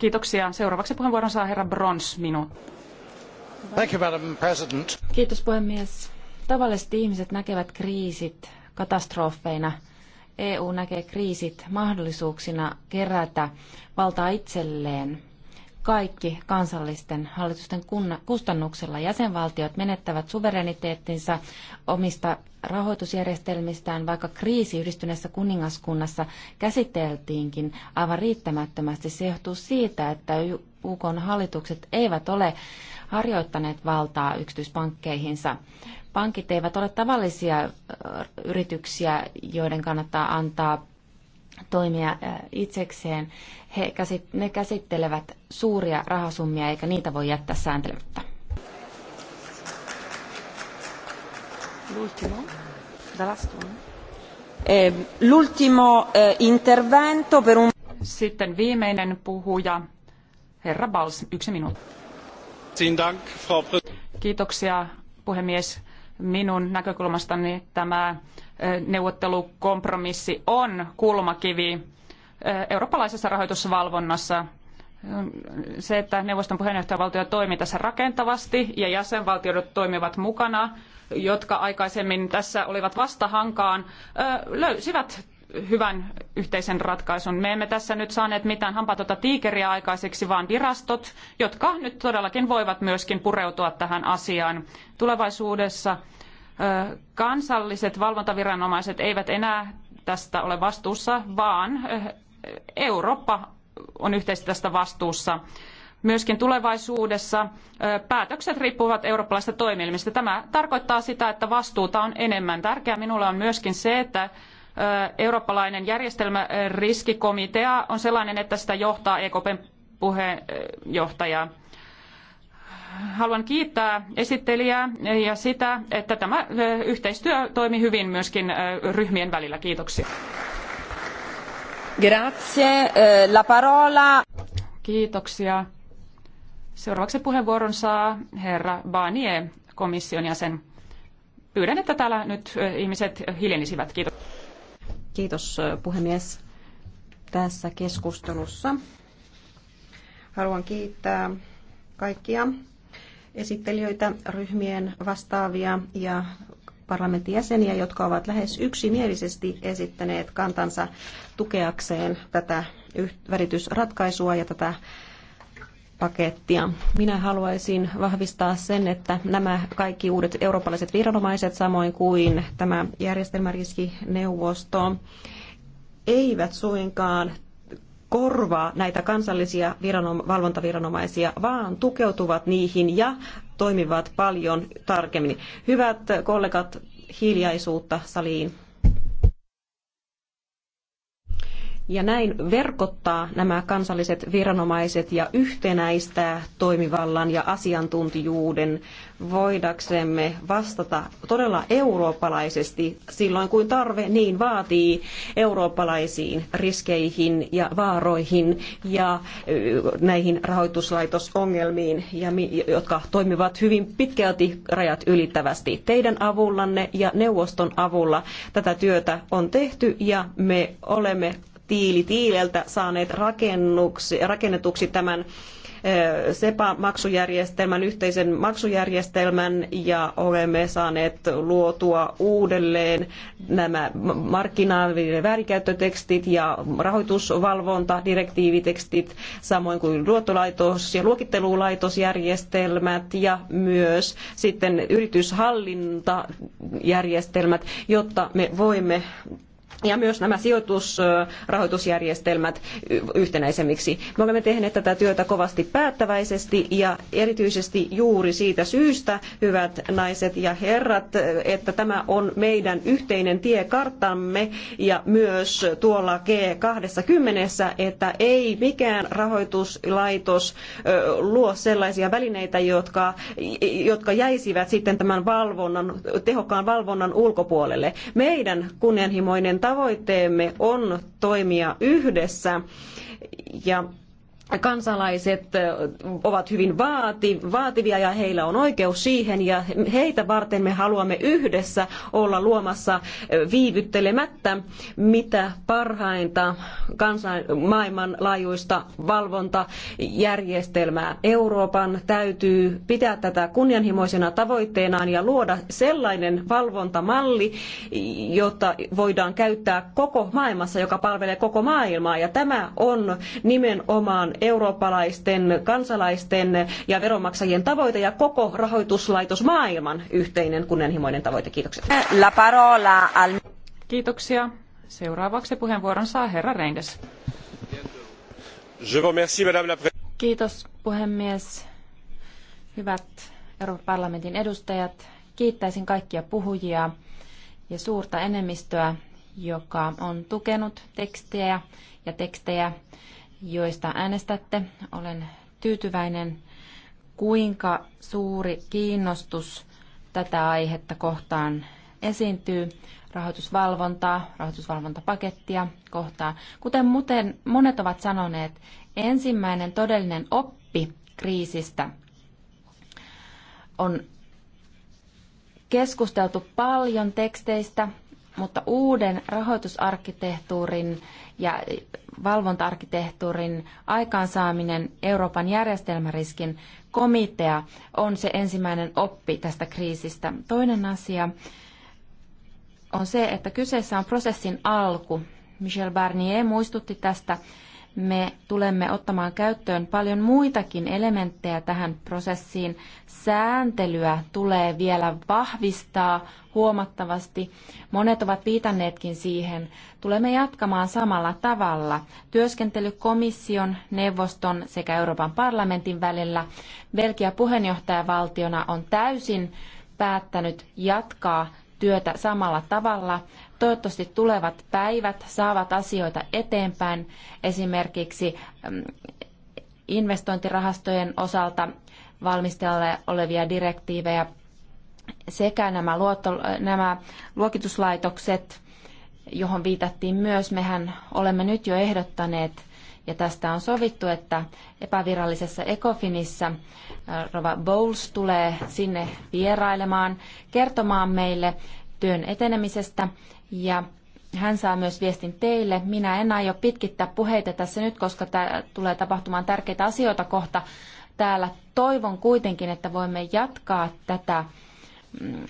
Kiitoksia. Seuraavaksi puheenvuoron saa herra Brons minun. Thank you, Madam President. Kiitos puhemies. Tavalliset ihmiset näkevät kriisit katastrofeina. EU näkee kriisit mahdollisuuksina kerätä valtaa itselleen kaikki kansallisten hallitusten kustannuksella. Jäsenvaltiot menettävät suvereniteettinsa omista rahoitusjärjestelmistään, vaikka kriisi yhdistyneessä kuningaskunnassa käsiteltiinkin aivan riittämättömästi. Se johtuu siitä, että UK hallitukset eivät ole harjoittaneet valtaa yksityispankkeihinsa. Pankit eivät ole tavallisia yrityksiä, joiden kannattaa antaa toimia äh, itsekseen. He ne käsittelevät suuria rahasummia eikä niitä voi jättää sääntelyttä. L'ultimo eh, eh, intervento per un... Sitten viimeinen puhuja, herra Bals, yksi minuutti. Kiitoksia puhemies. Minun näkökulmastani tämä neuvottelukompromissi on kulmakivi eurooppalaisessa rahoitusvalvonnassa. Se, että neuvoston puheenjohtajavaltio toimii tässä rakentavasti ja jäsenvaltiot toimivat mukana, jotka aikaisemmin tässä olivat vastahankaan, löysivät hyvän yhteisen ratkaisun. Me emme tässä nyt saaneet mitään hampatonta tiikeriä aikaiseksi, vaan virastot, jotka nyt todellakin voivat myöskin pureutua tähän asiaan tulevaisuudessa – kansalliset valvontaviranomaiset eivät enää tästä ole vastuussa, vaan Eurooppa on yhteisesti tästä vastuussa. Myöskin tulevaisuudessa päätökset riippuvat eurooppalaisista toimielimistä. Tämä tarkoittaa sitä, että vastuuta on enemmän. Tärkeää minulle on myöskin se, että eurooppalainen järjestelmäriskikomitea on sellainen, että sitä johtaa EKPn puheenjohtaja haluan kiittää esittelijää ja sitä, että tämä yhteistyö toimi hyvin myöskin ryhmien välillä. Kiitoksia. Grazie. La parola. Kiitoksia. Seuraavaksi puheenvuoron saa herra Barnier, komission jäsen. Pyydän, että täällä nyt ihmiset hiljenisivät. Kiitos. Kiitos puhemies. Tässä keskustelussa haluan kiittää kaikkia esittelijöitä, ryhmien vastaavia ja parlamentin jäseniä, jotka ovat lähes yksimielisesti esittäneet kantansa tukeakseen tätä välitysratkaisua ja tätä pakettia. Minä haluaisin vahvistaa sen, että nämä kaikki uudet eurooppalaiset viranomaiset, samoin kuin tämä järjestelmäriski eivät suinkaan korvaa näitä kansallisia viranom- valvontaviranomaisia, vaan tukeutuvat niihin ja toimivat paljon tarkemmin. Hyvät kollegat, hiljaisuutta saliin. ja näin verkottaa nämä kansalliset viranomaiset ja yhtenäistää toimivallan ja asiantuntijuuden voidaksemme vastata todella eurooppalaisesti silloin, kun tarve niin vaatii eurooppalaisiin riskeihin ja vaaroihin ja näihin rahoituslaitosongelmiin, jotka toimivat hyvin pitkälti rajat ylittävästi. Teidän avullanne ja neuvoston avulla tätä työtä on tehty ja me olemme tiili tiileltä saaneet rakennetuksi tämän SEPA-maksujärjestelmän, yhteisen maksujärjestelmän ja olemme saaneet luotua uudelleen nämä markkinaavien väärinkäyttötekstit ja rahoitusvalvonta, direktiivitekstit, samoin kuin luottolaitos- ja luokittelulaitosjärjestelmät ja myös sitten yrityshallintajärjestelmät, jotta me voimme ja myös nämä sijoitusrahoitusjärjestelmät yhtenäisemmiksi. Me olemme tehneet tätä työtä kovasti päättäväisesti ja erityisesti juuri siitä syystä, hyvät naiset ja herrat, että tämä on meidän yhteinen tiekarttamme ja myös tuolla G20, että ei mikään rahoituslaitos luo sellaisia välineitä, jotka, jotka jäisivät sitten tämän valvonnan, tehokkaan valvonnan ulkopuolelle. Meidän kunnianhimoinen tavoitteemme on toimia yhdessä ja kansalaiset ovat hyvin vaativia ja heillä on oikeus siihen ja heitä varten me haluamme yhdessä olla luomassa viivyttelemättä mitä parhainta kansan, maailmanlaajuista valvontajärjestelmää. Euroopan täytyy pitää tätä kunnianhimoisena tavoitteenaan ja luoda sellainen valvontamalli, jota voidaan käyttää koko maailmassa, joka palvelee koko maailmaa ja tämä on nimenomaan eurooppalaisten kansalaisten ja veronmaksajien tavoite ja koko rahoituslaitos maailman yhteinen kunnianhimoinen tavoite. Kiitokset. La parola al... Kiitoksia. Seuraavaksi puheenvuoron saa herra Kiitos puhemies. Hyvät Euroopan parlamentin edustajat, kiittäisin kaikkia puhujia ja suurta enemmistöä, joka on tukenut tekstejä ja tekstejä, joista äänestätte. Olen tyytyväinen, kuinka suuri kiinnostus tätä aihetta kohtaan esiintyy rahoitusvalvontaa, rahoitusvalvontapakettia kohtaan. Kuten muuten monet ovat sanoneet, ensimmäinen todellinen oppi kriisistä on keskusteltu paljon teksteistä, mutta uuden rahoitusarkkitehtuurin ja valvontaarkkitehtuurin aikaansaaminen Euroopan järjestelmäriskin komitea on se ensimmäinen oppi tästä kriisistä. Toinen asia on se, että kyseessä on prosessin alku. Michel Barnier muistutti tästä me tulemme ottamaan käyttöön paljon muitakin elementtejä tähän prosessiin. Sääntelyä tulee vielä vahvistaa huomattavasti. Monet ovat viitanneetkin siihen. Tulemme jatkamaan samalla tavalla. Työskentely komission, neuvoston sekä Euroopan parlamentin välillä. Belgia puheenjohtajavaltiona on täysin päättänyt jatkaa työtä samalla tavalla toivottavasti tulevat päivät saavat asioita eteenpäin esimerkiksi mm, investointirahastojen osalta valmistella olevia direktiivejä sekä nämä, luotto, nämä luokituslaitokset, johon viitattiin myös, mehän olemme nyt jo ehdottaneet ja tästä on sovittu, että epävirallisessa Ecofinissa äh, Rova Bowles tulee sinne vierailemaan kertomaan meille työn etenemisestä ja hän saa myös viestin teille. Minä en aio pitkittää puheita tässä nyt, koska tää tulee tapahtumaan tärkeitä asioita kohta täällä. Toivon kuitenkin, että voimme jatkaa tätä mm,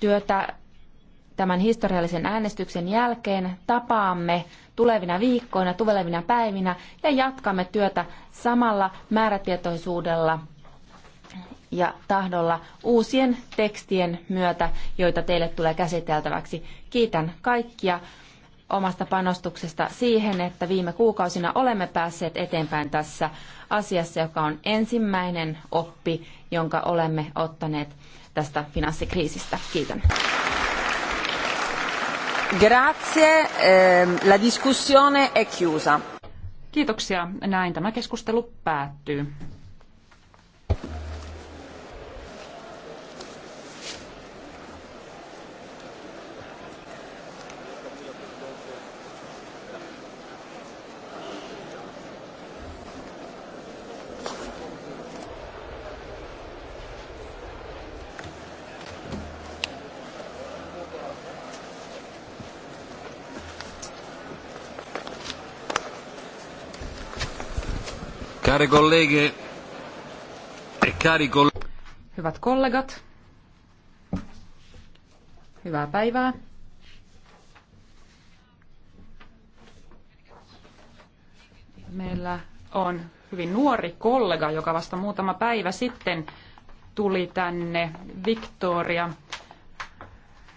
työtä tämän historiallisen äänestyksen jälkeen. Tapaamme tulevina viikkoina, tulevina päivinä ja jatkamme työtä samalla määrätietoisuudella ja tahdolla uusien tekstien myötä, joita teille tulee käsiteltäväksi. Kiitän kaikkia omasta panostuksesta siihen, että viime kuukausina olemme päässeet eteenpäin tässä asiassa, joka on ensimmäinen oppi, jonka olemme ottaneet tästä finanssikriisistä. Kiitän. Grazie. Ehm, la discussione è chiusa. Kiitoksia. Näin tämä keskustelu päättyy. Care colleghe e cari Hyvät kollegat, hyvää päivää. Meillä on hyvin nuori kollega, joka vasta muutama päivä sitten tuli tänne, Victoria,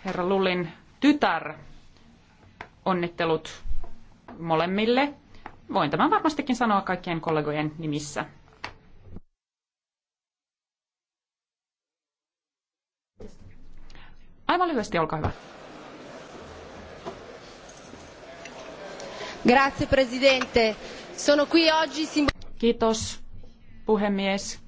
herra Lulin tytär. Onnittelut molemmille. Voin tämän varmastikin sanoa kaikkien kollegojen nimissä. Aivan lyhyesti, olkaa hyvä. Grazie, presidente. Sono qui oggi... Kiitos, puhemies.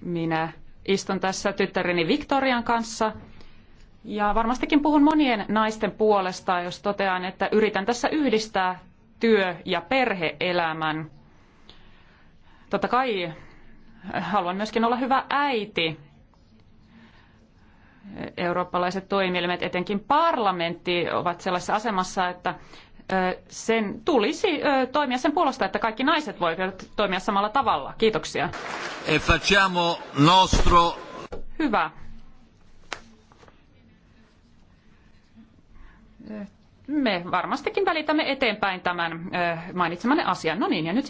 Minä istun tässä tyttäreni Victorian kanssa – ja varmastikin puhun monien naisten puolesta, jos totean, että yritän tässä yhdistää työ- ja perheelämän. Totta kai äh, haluan myöskin olla hyvä äiti. Eurooppalaiset toimielimet, etenkin parlamentti, ovat sellaisessa asemassa, että äh, sen tulisi äh, toimia sen puolesta, että kaikki naiset voivat toimia samalla tavalla. Kiitoksia. E nostro... Hyvä. me varmastikin välitämme eteenpäin tämän mainitsemanne asian. No niin, ja nyt